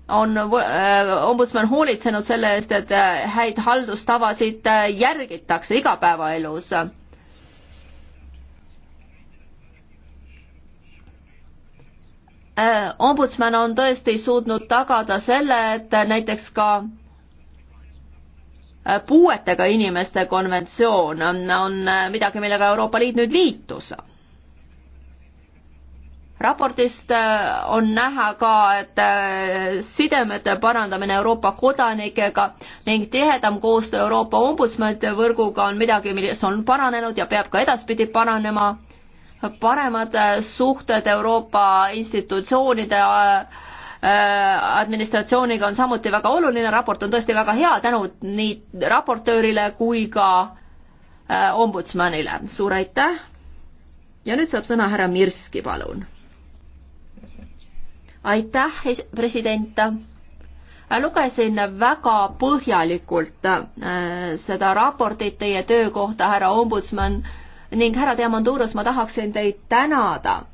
on äh, ombudsman hoolitsenud selle eest, et häid haldustavasid järgitakse igapäevaelus Äh, ombudsman on tõesti suutnud tagada selle, et näiteks ka äh, puuetega inimeste konventsioon on, on äh, midagi, millega Euroopa Liit nüüd liitus. raportist on näha ka, et sidemete parandamine Euroopa kodanikega ning tihedam koostöö Euroopa ombudsmanide võrguga on midagi, mis on paranenud ja peab ka edaspidi paranema paremad äh, suhted Euroopa institutsioonide äh, äh, administratsiooniga on samuti väga oluline, raport on tõesti väga hea, tänu nii raportöörile kui ka ombudsmanile, suur aitäh. ja nüüd saab sõna härra Mirski, palun. aitäh, president. lugesin väga põhjalikult seda raportit teie töö kohta, härra ombudsman ning härra Diamandouros, ma tahaksin teid tänada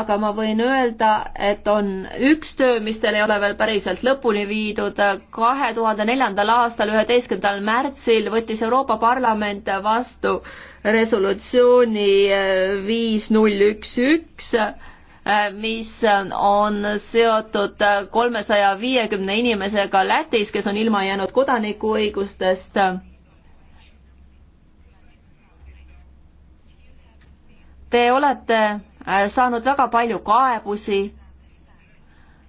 aga ma võin öelda, et on üks töö, mis teil ei ole veel päriselt lõpuni viidud. kahe tuhande neljandal aastal, üheteistkümnendal märtsil võttis Euroopa Parlament vastu resolutsiooni eh, viis null üks üks, eh, mis on seotud kolmesaja viiekümne inimesega Lätis, kes on ilma jäänud kodanikuõigustest Te olete äh, saanud väga palju kaebusi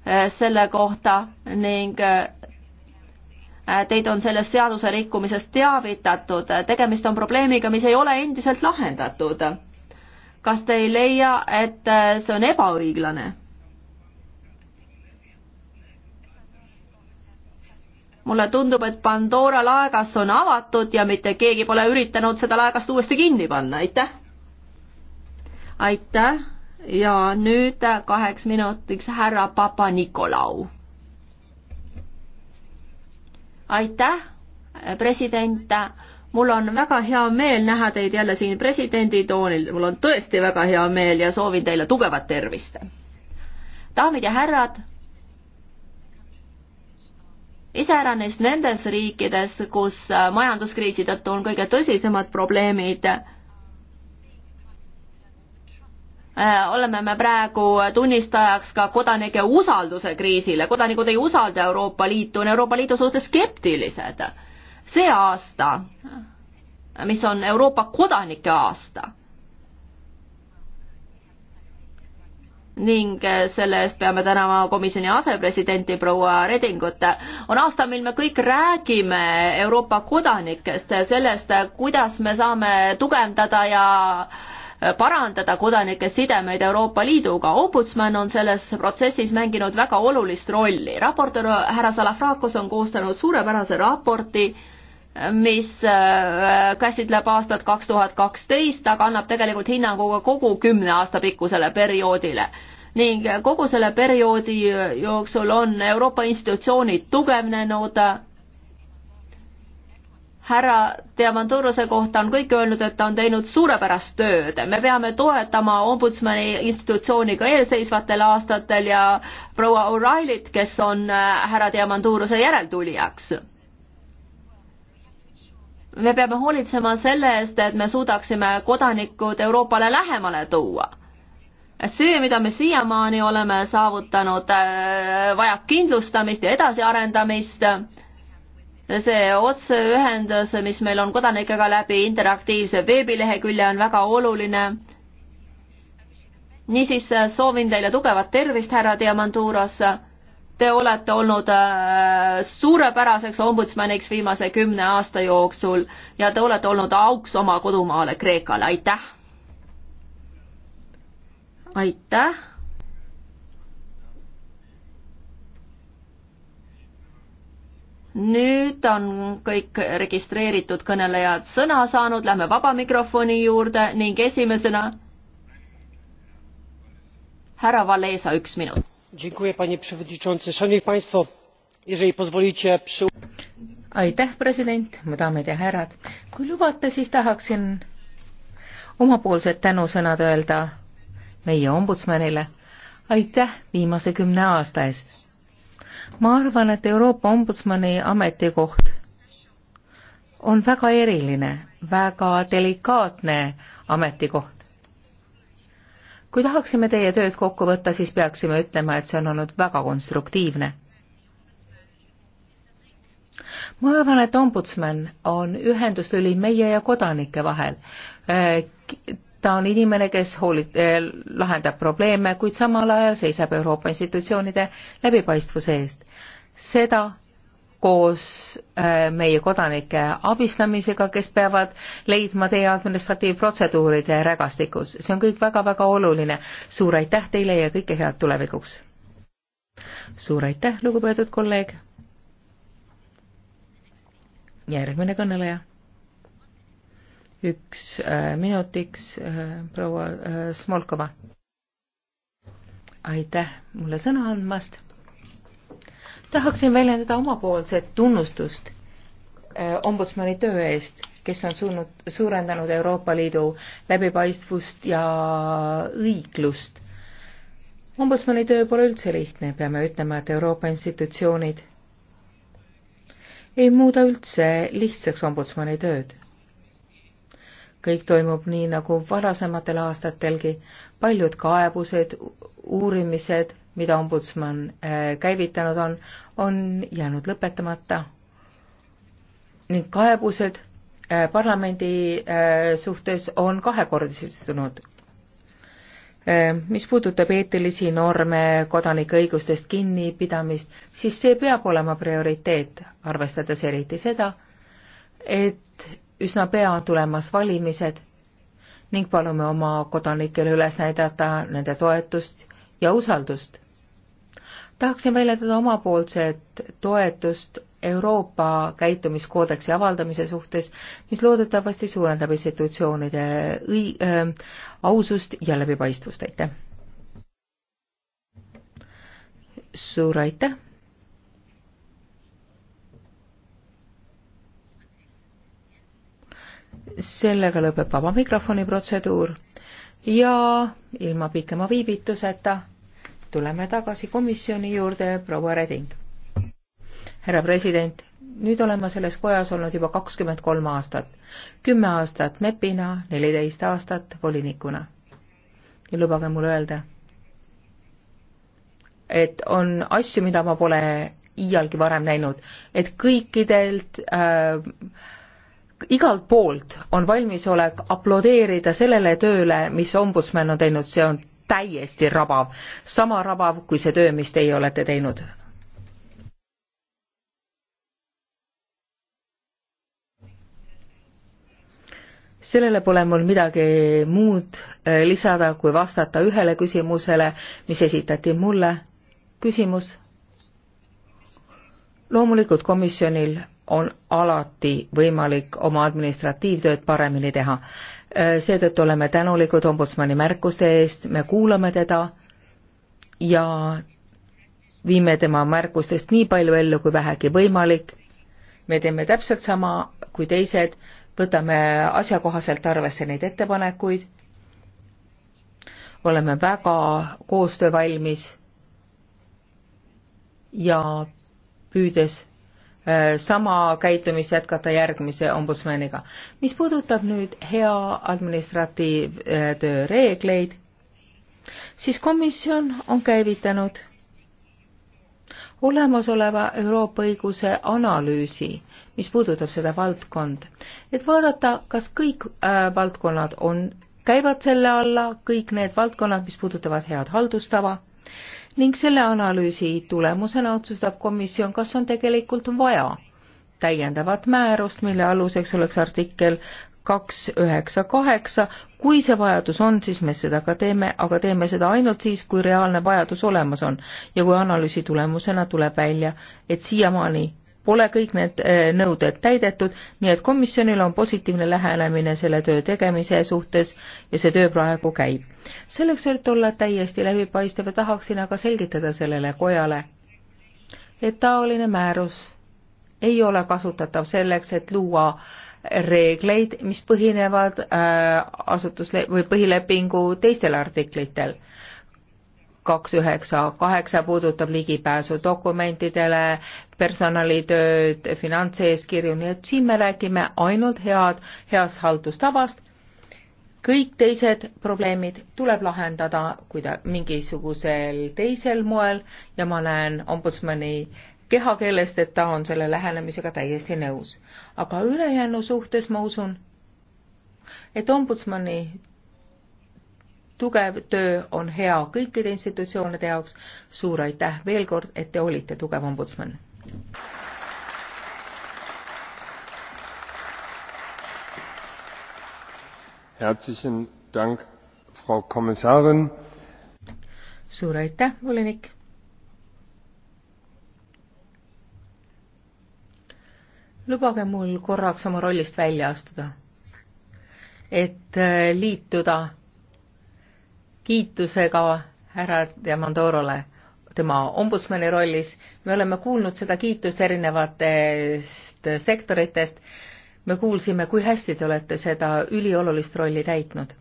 äh, selle kohta ning äh, teid on sellest seaduse rikkumisest teavitatud. tegemist on probleemiga, mis ei ole endiselt lahendatud. kas te ei leia, et see on ebaõiglane? mulle tundub, et Pandora laegas on avatud ja mitte keegi pole üritanud seda laegast uuesti kinni panna, aitäh! aitäh ja nüüd kaheks minutiks härra Papa-Nikolau. aitäh, president, mul on väga hea meel näha teid jälle siin presidendi toonil, mul on tõesti väga hea meel ja soovin teile tugevat tervist. daamid ja härrad iseäranis nendes riikides, kus majanduskriisi tõttu on kõige tõsisemad probleemid, Äh, oleme me praegu tunnistajaks ka kodanike usalduse kriisile, kodanikud ei usalda Euroopa Liitu, on Euroopa Liidu suhtes skeptilised. see aasta, mis on Euroopa kodanike aasta, ning selle eest peame tänama komisjoni asepresidenti proua Redingut. on aasta, mil me kõik räägime Euroopa kodanikest, sellest, kuidas me saame tugevdada ja äh, parandada kodanike sidemeid Euroopa Liiduga. ombudsman on selles protsessis mänginud väga olulist rolli. raportöör härra Salafrakos on koostanud suurepärase raporti, mis äh, käsitleb aastat kaks tuhat kaksteist, aga annab tegelikult hinnangu ka kogu kümne aasta pikkusele perioodile ning kogu selle perioodi jooksul on Euroopa institutsioonid tugevnenud härra Diamanturose kohta on kõik öelnud, et ta on teinud suurepärast tööd. me peame toetama ombudsmani institutsiooni ka eelseisvatel aastatel ja proua O'Reillyt, kes on äh, härra Diamanturose järeltulijaks me peame hoolitsema selle eest, et me suudaksime kodanikud Euroopale lähemale tuua. see, mida me siiamaani oleme saavutanud, äh, vajab kindlustamist ja edasiarendamist see otseühendus, mis meil on kodanikega läbi interaktiivse veebilehekülje, on väga oluline. niisiis soovin teile tugevat tervist, härra Diamanturas. Te olete olnud äh, suurepäraseks ombudsmaniks viimase kümne aasta jooksul ja te olete olnud auks oma kodumaale Kreekale, aitäh! aitäh! nüüd on kõik registreeritud kõnelejad sõna saanud, lähme vaba mikrofoni juurde ning esimesena härra Valesa, üks minut. aitäh, president, mu daamid ja härrad. kui lubate, siis tahaksin omapoolsed tänusõnad öelda meie ombudsmanile. aitäh viimase kümne aasta eest ma arvan, et Euroopa Ombudsmani ametikoht on väga eriline, väga delikaatne ametikoht. kui tahaksime teie tööd kokku võtta, siis peaksime ütlema, et see on olnud väga konstruktiivne. ma arvan, et ombudsman on ühenduslüli meie ja kodanike vahel äh, ta on inimene, kes hoolit- eh,, lahendab probleeme, kuid samal ajal seisab Euroopa institutsioonide läbipaistvuse eest. seda koos eh, meie kodanike abistamisega, kes peavad leidma tee administratiivprotseduuride rägastikus. see on kõik väga-väga oluline. suur aitäh teile ja kõike head tulevikuks! suur aitäh, lugupeetud kolleeg! järgmine kõneleja üks äh, minutiks, äh, proua äh, Smolkova. aitäh mulle sõna andmast. tahaksin väljendada omapoolset tunnustust ombudsmani töö eest, kes on suunud, suurendanud Euroopa Liidu läbipaistvust ja õiglust. ombudsmani töö pole üldse lihtne, peame ütlema, et Euroopa institutsioonid ei muuda üldse lihtsaks ombudsmani tööd kõik toimub nii, nagu varasematel aastatelgi, paljud kaebused, uurimised, mida ombudsman äh, käivitanud on, on jäänud lõpetamata. ning kaebused äh, parlamendi äh, suhtes on kahekordistunud. Mis puudutab eetilisi norme, kodanike õigustest kinnipidamist, siis see peab olema prioriteet, arvestades eriti seda, et üsna pea tulemas valimised ning palume oma kodanikele üles näidata nende toetust ja usaldust. tahaksin väljendada omapoolset toetust Euroopa käitumiskoodeksi avaldamise suhtes, mis loodetavasti suurendab institutsioonide õi- äh,, ausust ja läbipaistvust, aitäh! suur aitäh! sellega lõpeb vaba mikrofoni protseduur ja ilma pikema viivituseta tuleme tagasi komisjoni juurde, proua Reding. härra president, nüüd olen ma selles kojas olnud juba kakskümmend kolm aastat, kümme aastat MEP-ina, neliteist aastat volinikuna. ja lubage mul öelda, et on asju, mida ma pole iialgi varem näinud, et kõikidelt äh, igalt poolt on valmisolek aplodeerida sellele tööle, mis ombudsman on teinud, see on täiesti rabav, sama rabav kui see töö, mis teie olete teinud. sellele pole mul midagi muud eh, lisada, kui vastata ühele küsimusele, mis esitati mulle. küsimus? loomulikult komisjonil on alati võimalik oma administratiivtööd paremini teha. Äh, seetõttu oleme tänulikud ombudsmani märkuste eest, me kuulame teda ja viime tema märkustest nii palju ellu kui vähegi võimalik. me teeme täpselt sama kui teised, võtame asjakohaselt arvesse neid ettepanekuid, oleme väga koostöövalmis ja püüdes Äh, sama käitumist jätkata järgmise ombudsmaniga. mis puudutab nüüd hea administratiivtöö äh, reegleid, siis komisjon on käivitanud olemasoleva Euroopa õiguse analüüsi, mis puudutab seda valdkond, et vaadata, kas kõik äh, valdkonnad on, käivad selle alla, kõik need valdkonnad, mis puudutavad head haldustava ning selle analüüsi tulemusena otsustab komisjon, kas on tegelikult vaja täiendavat määrust, mille aluseks oleks artikkel kaks üheksa kaheksa, kui see vajadus on, siis me seda ka teeme, aga teeme seda ainult siis, kui reaalne vajadus olemas on. ja kui analüüsi tulemusena tuleb välja, et siiamaani pole kõik need eh, nõuded täidetud, nii et komisjonil on positiivne lähenemine selle töö tegemise suhtes ja see töö praegu käib. selleks, et olla täiesti läbipaistev, tahaksin aga selgitada sellele kojale, et taoline määrus ei ole kasutatav selleks, et luua reegleid, mis põhinevad äh, asutusle- või põhilepingu teistel artiklitel kaks üheksa kaheksa puudutab ligipääsu dokumentidele, personalitööd, finantseeskirju, nii et siin me räägime ainult head, heast haldustavast. kõik teised probleemid tuleb lahendada kuida-, mingisugusel teisel moel ja ma näen ombudsmani kehakeelest, et ta on selle lähenemisega täiesti nõus. aga ülejäänu suhtes ma usun, et ombudsmani tugev töö on hea kõikide institutsioonide jaoks. suur aitäh veel kord, et te olite tugev ombudsman. herzlichen Dank, Frau Kommissarin. suur aitäh, volinik. lubage mul korraks oma rollist välja astuda, et äh, liituda kiitusega härra Diamandorole tema ombudsmani rollis. me oleme kuulnud seda kiitust erinevatest sektoritest. me kuulsime, kui hästi te olete seda üliolulist rolli täitnud.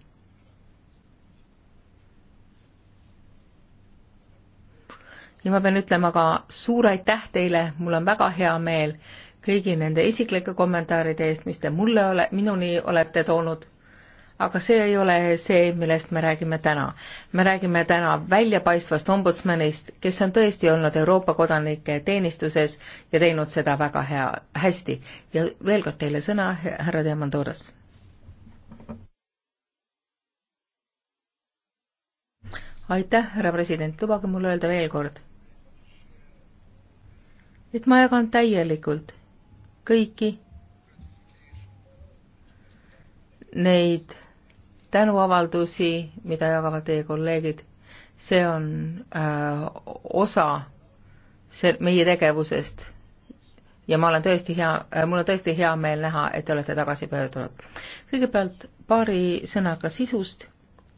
ja ma pean ütlema ka suur aitäh teile, mul on väga hea meel kõigi nende isiklike kommentaaride eest, mis te mulle ole, minuni olete toonud aga see ei ole see, millest me räägime täna. me räägime täna väljapaistvast ombudsmanist, kes on tõesti olnud Euroopa kodanike teenistuses ja teinud seda väga hea, hästi. ja veel kord teile sõna, härra Diamandoras. aitäh, härra president, lubage mul öelda veel kord, et ma jagan täielikult kõiki neid tänuavaldusi, mida jagavad teie kolleegid, see on äh, osa see, meie tegevusest. ja ma olen tõesti hea äh,, mul on tõesti hea meel näha, et te olete tagasi pöördunud. kõigepealt paari sõnaga sisust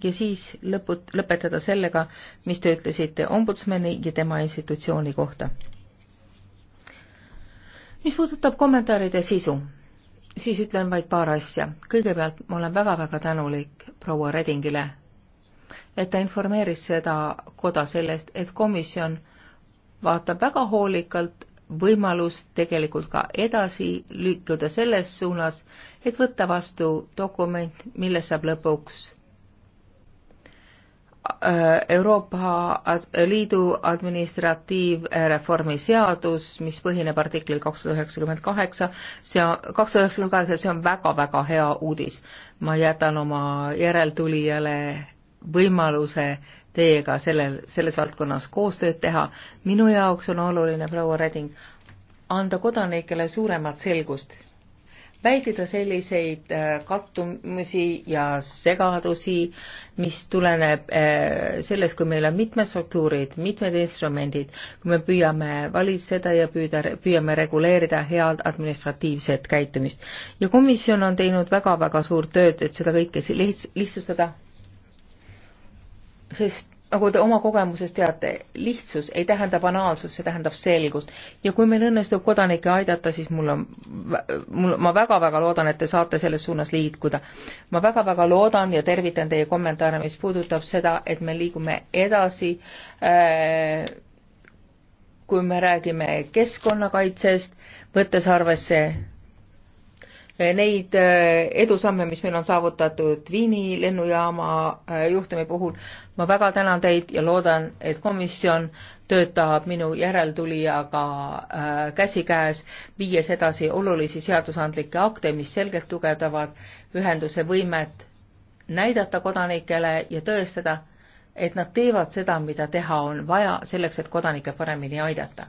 ja siis lõput-, lõpetada sellega, mis te ütlesite ombudsmani ja tema institutsiooni kohta. mis puudutab kommentaaride sisu siis ütlen vaid paar asja. kõigepealt ma olen väga-väga tänulik proua Redingile, et ta informeeris seda koda sellest, et komisjon vaatab väga hoolikalt võimalust tegelikult ka edasi liikuda selles suunas, et võtta vastu dokument, millest saab lõpuks Euroopa Liidu administratiivreformi seadus, mis põhineb artiklil kakssada üheksakümmend kaheksa, see on, kakssada üheksakümmend kaheksa, see on väga-väga hea uudis. ma jätan oma järeltulijale võimaluse teiega sellel, selles valdkonnas koostööd teha. minu jaoks on oluline, proua Reding, anda kodanikele suuremat selgust vältida selliseid äh, kattumisi ja segadusi, mis tuleneb äh, sellest, kui meil on mitmed struktuurid, mitmed instrumendid, kui me püüame valitseda ja püüda, püüame reguleerida head administratiivset käitumist. ja komisjon on teinud väga-väga suurt tööd, et seda kõike lihtsustada, sest nagu te oma kogemusest teate, lihtsus ei tähenda banaalsust, see tähendab selgust. ja kui meil õnnestub kodanikke aidata, siis mul on, mul, ma väga-väga loodan, et te saate selles suunas liikuda. ma väga-väga loodan ja tervitan teie kommentaare, mis puudutab seda, et me liigume edasi äh, kui me räägime keskkonnakaitsest, võttes arvesse äh, neid äh, edusamme, mis meil on saavutatud Viini lennujaama juhtumi puhul, ma väga tänan teid ja loodan, et komisjon töötab minu järeltulijaga äh, käsikäes, viies edasi olulisi seadusandlikke akte, mis selgelt tugevdavad ühenduse võimet näidata kodanikele ja tõestada, et nad teevad seda, mida teha on vaja selleks, et kodanikke paremini aidata.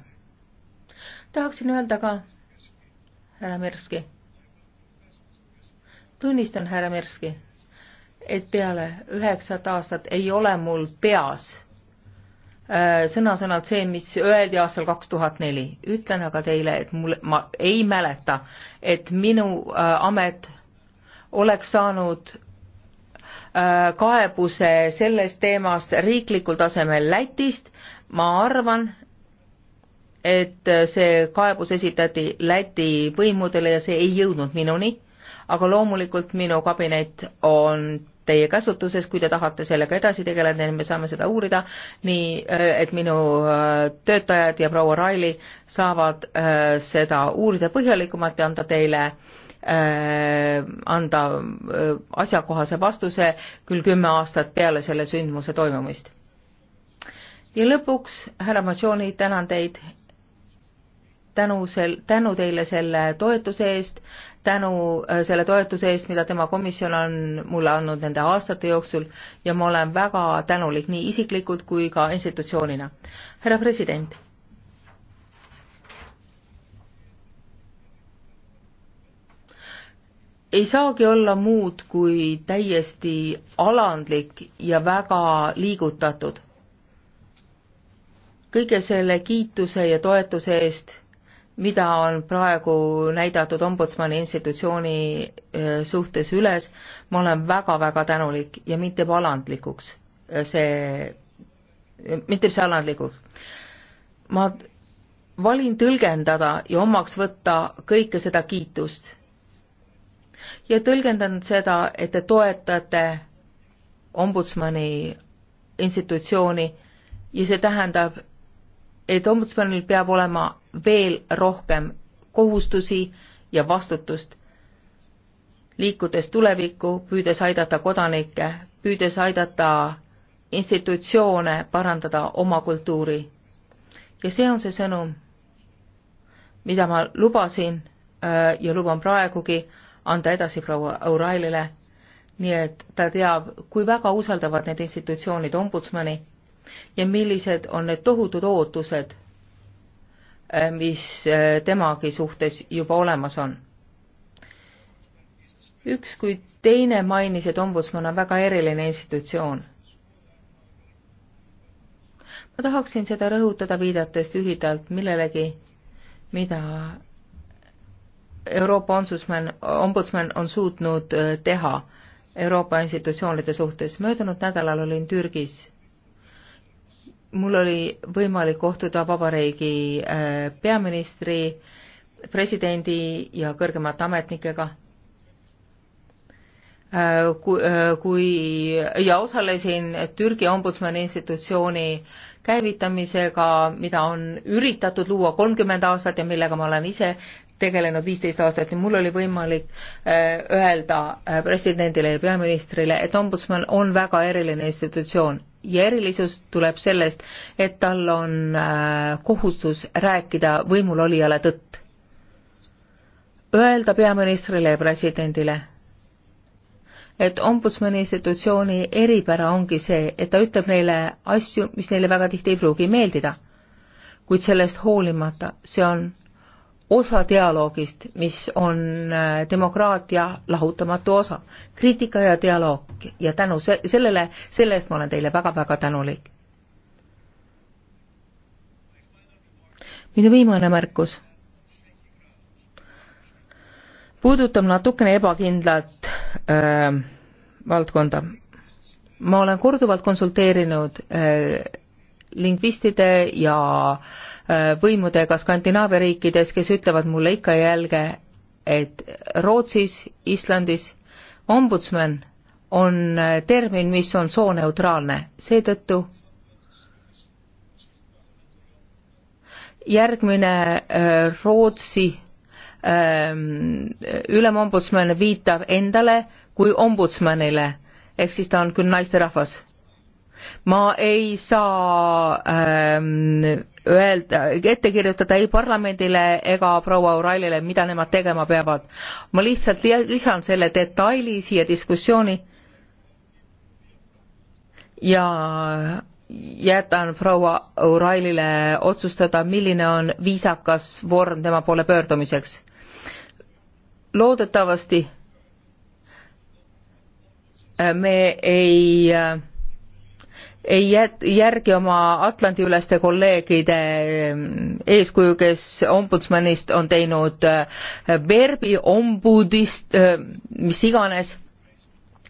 tahaksin öelda ka, härra Mirski, tunnistan, härra Mirski et peale üheksat aastat ei ole mul peas äh, sõna-sõnalt see, mis öeldi aastal kaks tuhat neli. ütlen aga teile, et mul, ma ei mäleta, et minu äh, amet oleks saanud äh, kaebuse sellest teemast riiklikul tasemel Lätist. ma arvan, et see kaebus esitati Läti võimudele ja see ei jõudnud minuni, aga loomulikult minu kabinet on teie käsutuses, kui te tahate sellega edasi tegeleda, me saame seda uurida, nii äh, et minu äh, töötajad ja proua Raili saavad äh, seda uurida põhjalikumalt ja anda teile anda asjakohase vastuse küll kümme aastat peale selle sündmuse toimumist. ja lõpuks, härra Matsiooni, tänan teid tänu sel-, tänu teile selle toetuse eest, tänu äh, selle toetuse eest, mida tema komisjon on mulle andnud nende aastate jooksul ja ma olen väga tänulik nii isiklikult kui ka institutsioonina. härra president. ei saagi olla muud kui täiesti alandlik ja väga liigutatud kõige selle kiituse ja toetuse eest mida on praegu näidatud ombudsmani institutsiooni eh, suhtes üles, ma olen väga-väga tänulik ja mind teeb alandlikuks eh, see, eh, mind teeb see alandlikuks. ma valin tõlgendada ja omaks võtta kõike seda kiitust. ja tõlgendan seda, et te toetate ombudsmani institutsiooni ja see tähendab, et ombudsmanil peab olema veel rohkem kohustusi ja vastutust, liikudes tulevikku, püüdes aidata kodanikke, püüdes aidata institutsioone parandada oma kultuuri. ja see on see sõnum, mida ma lubasin äh, ja luban praegugi anda edasi proua O'Reillyle, nii et ta teab, kui väga usaldavad need institutsioonid ombudsmani ja millised on need tohutud ootused Äh, mis äh, temagi suhtes juba olemas on. üks kui teine mainis, et ombudsman on väga eriline institutsioon. ma tahaksin seda rõhutada, viidates lühidalt millelegi, mida Euroopa ombudsman, ombudsman on suutnud äh, teha Euroopa institutsioonide suhtes. möödunud nädalal olin Türgis mul oli võimalik kohtuda vabariigi äh, peaministri, presidendi ja kõrgemate ametnikega. Äh, kui, äh, kui ja osalesin Türgi ombudsmani institutsiooni käivitamisega, mida on üritatud luua kolmkümmend aastat ja millega ma olen ise tegelenud viisteist aastat ja mul oli võimalik öelda presidendile ja peaministrile, et ombudsman on väga eriline institutsioon ja erilisus tuleb sellest, et tal on äh, kohustus rääkida võimulolijale tõtt. Öelda peaministrile ja presidendile, et ombudsmani institutsiooni eripära ongi see, et ta ütleb neile asju, mis neile väga tihti ei pruugi meeldida. kuid sellest hoolimata see on osa dialoogist, mis on äh, demokraatia lahutamatu osa. kriitika ja dialoog ja tänu se-, sellele, selle eest ma olen teile väga-väga tänulik. minu viimane märkus puudutab natukene ebakindlat öö, äh, valdkonda. ma olen korduvalt konsulteerinud öö, äh, lingvistide ja öö, võimudega Skandinaavia riikides, kes ütlevad mulle ikka ja jälge, et Rootsis, Islandis ombudsman on termin, mis on sooneutraalne, seetõttu järgmine äh, Rootsi ähm, ülemombudsman viitab endale kui ombudsmanile, ehk siis ta on küll naisterahvas. ma ei saa ähm, öelda, ette kirjutada ei parlamendile ega proua Uralile, mida nemad tegema peavad. ma lihtsalt lisan selle detaili siia diskussiooni ja jätan proua Uralile otsustada, milline on viisakas vorm tema poole pöördumiseks. loodetavasti me ei äh, ei jät-, järgi oma Atlandi-üleste kolleegide ehm, eeskuju, kes ombudsmanist on teinud verbi eh, ombudist, eh, mis iganes,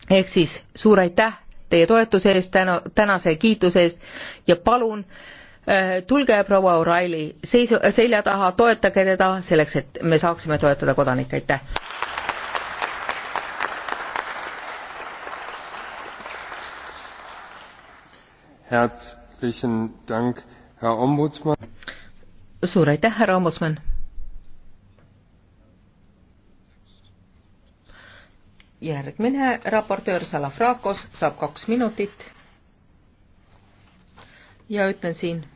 ehk siis suur aitäh teie toetuse eest, tänu, tänase kiituse eest ja palun eh, tulge, proua O'Reilly, seisu, selja taha, toetage teda selleks, et me saaksime toetada kodanikke, aitäh! herzlichen Dank, härra ombudsman. suur aitäh, härra ombudsman. järgmine raportöör Salafrakos saab kaks minutit. ja ütlen siin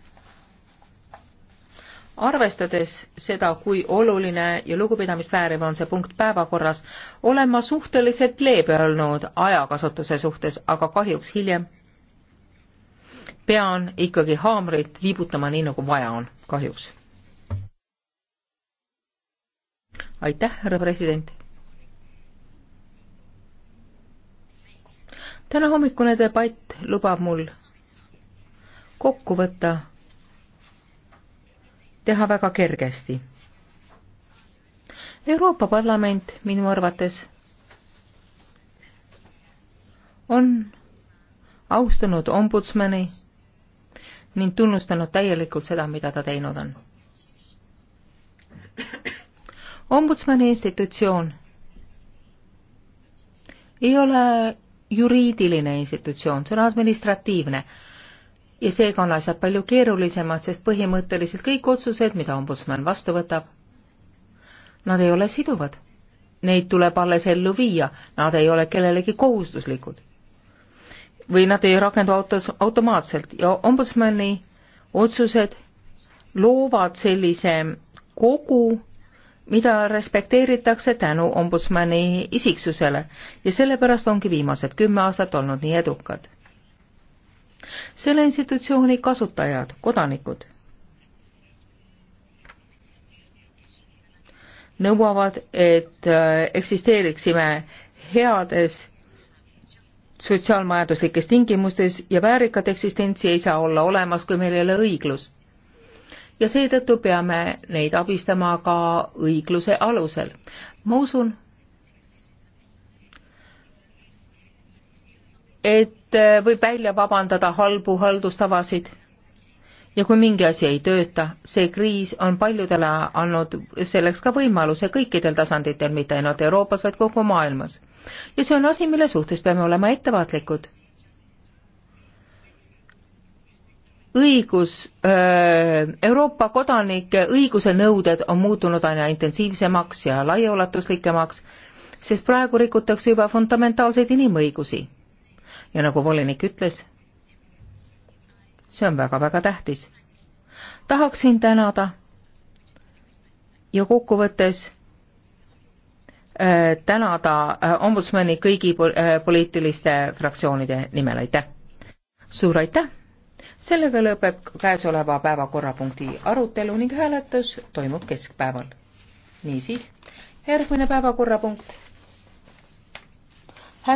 arvestades seda, kui oluline ja lugupidamist vääriv on see punkt päevakorras, olen ma suhteliselt leebe olnud ajakasutuse suhtes, aga kahjuks hiljem pean ikkagi haamrit viibutama nii, nagu vaja on, kahjuks. aitäh, härra president. tänahommikune debatt lubab mul kokku võtta, teha väga kergesti. Euroopa Parlament minu arvates on austanud ombudsmani ning tunnustanud täielikult seda, mida ta teinud on. ombudsmani institutsioon ei ole juriidiline institutsioon, see on administratiivne. ja seega on asjad palju keerulisemad, sest põhimõtteliselt kõik otsused, mida ombudsman vastu võtab, nad ei ole siduvad. Neid tuleb alles ellu viia, nad ei ole kellelegi kohustuslikud või nad ei rakendu autos automaatselt ja ombudsmani otsused loovad sellise kogu, mida respekteeritakse tänu ombudsmani isiksusele ja sellepärast ongi viimased kümme aastat olnud nii edukad. selle institutsiooni kasutajad, kodanikud, nõuavad, et äh, eksisteeriksime heades sotsiaalmajanduslikes tingimustes ja väärikat eksistentsi ei saa olla olemas, kui meil ei ole õiglust. ja seetõttu peame neid abistama ka õigluse alusel. ma usun, et äh, võib välja vabandada halbu haldustavasid ja kui mingi asi ei tööta, see kriis on paljudele andnud selleks ka võimaluse kõikidel tasanditel, mitte ainult Euroopas, vaid kogu maailmas ja see on asi, mille suhtes peame olema ettevaatlikud. õigus, Euroopa kodanike õiguse nõuded on muutunud aina intensiivsemaks ja laiaulatuslikemaks, sest praegu rikutakse juba fundamentaalseid inimõigusi. ja nagu volinik ütles, see on väga-väga tähtis. tahaksin tänada ja kokkuvõttes Äh, tänada äh, ombudsmani kõigi äh, poliitiliste fraktsioonide nimel, aitäh! suur aitäh! sellega lõpeb käesoleva päevakorrapunkti arutelu ning hääletus toimub keskpäeval. niisiis, järgmine päevakorrapunkt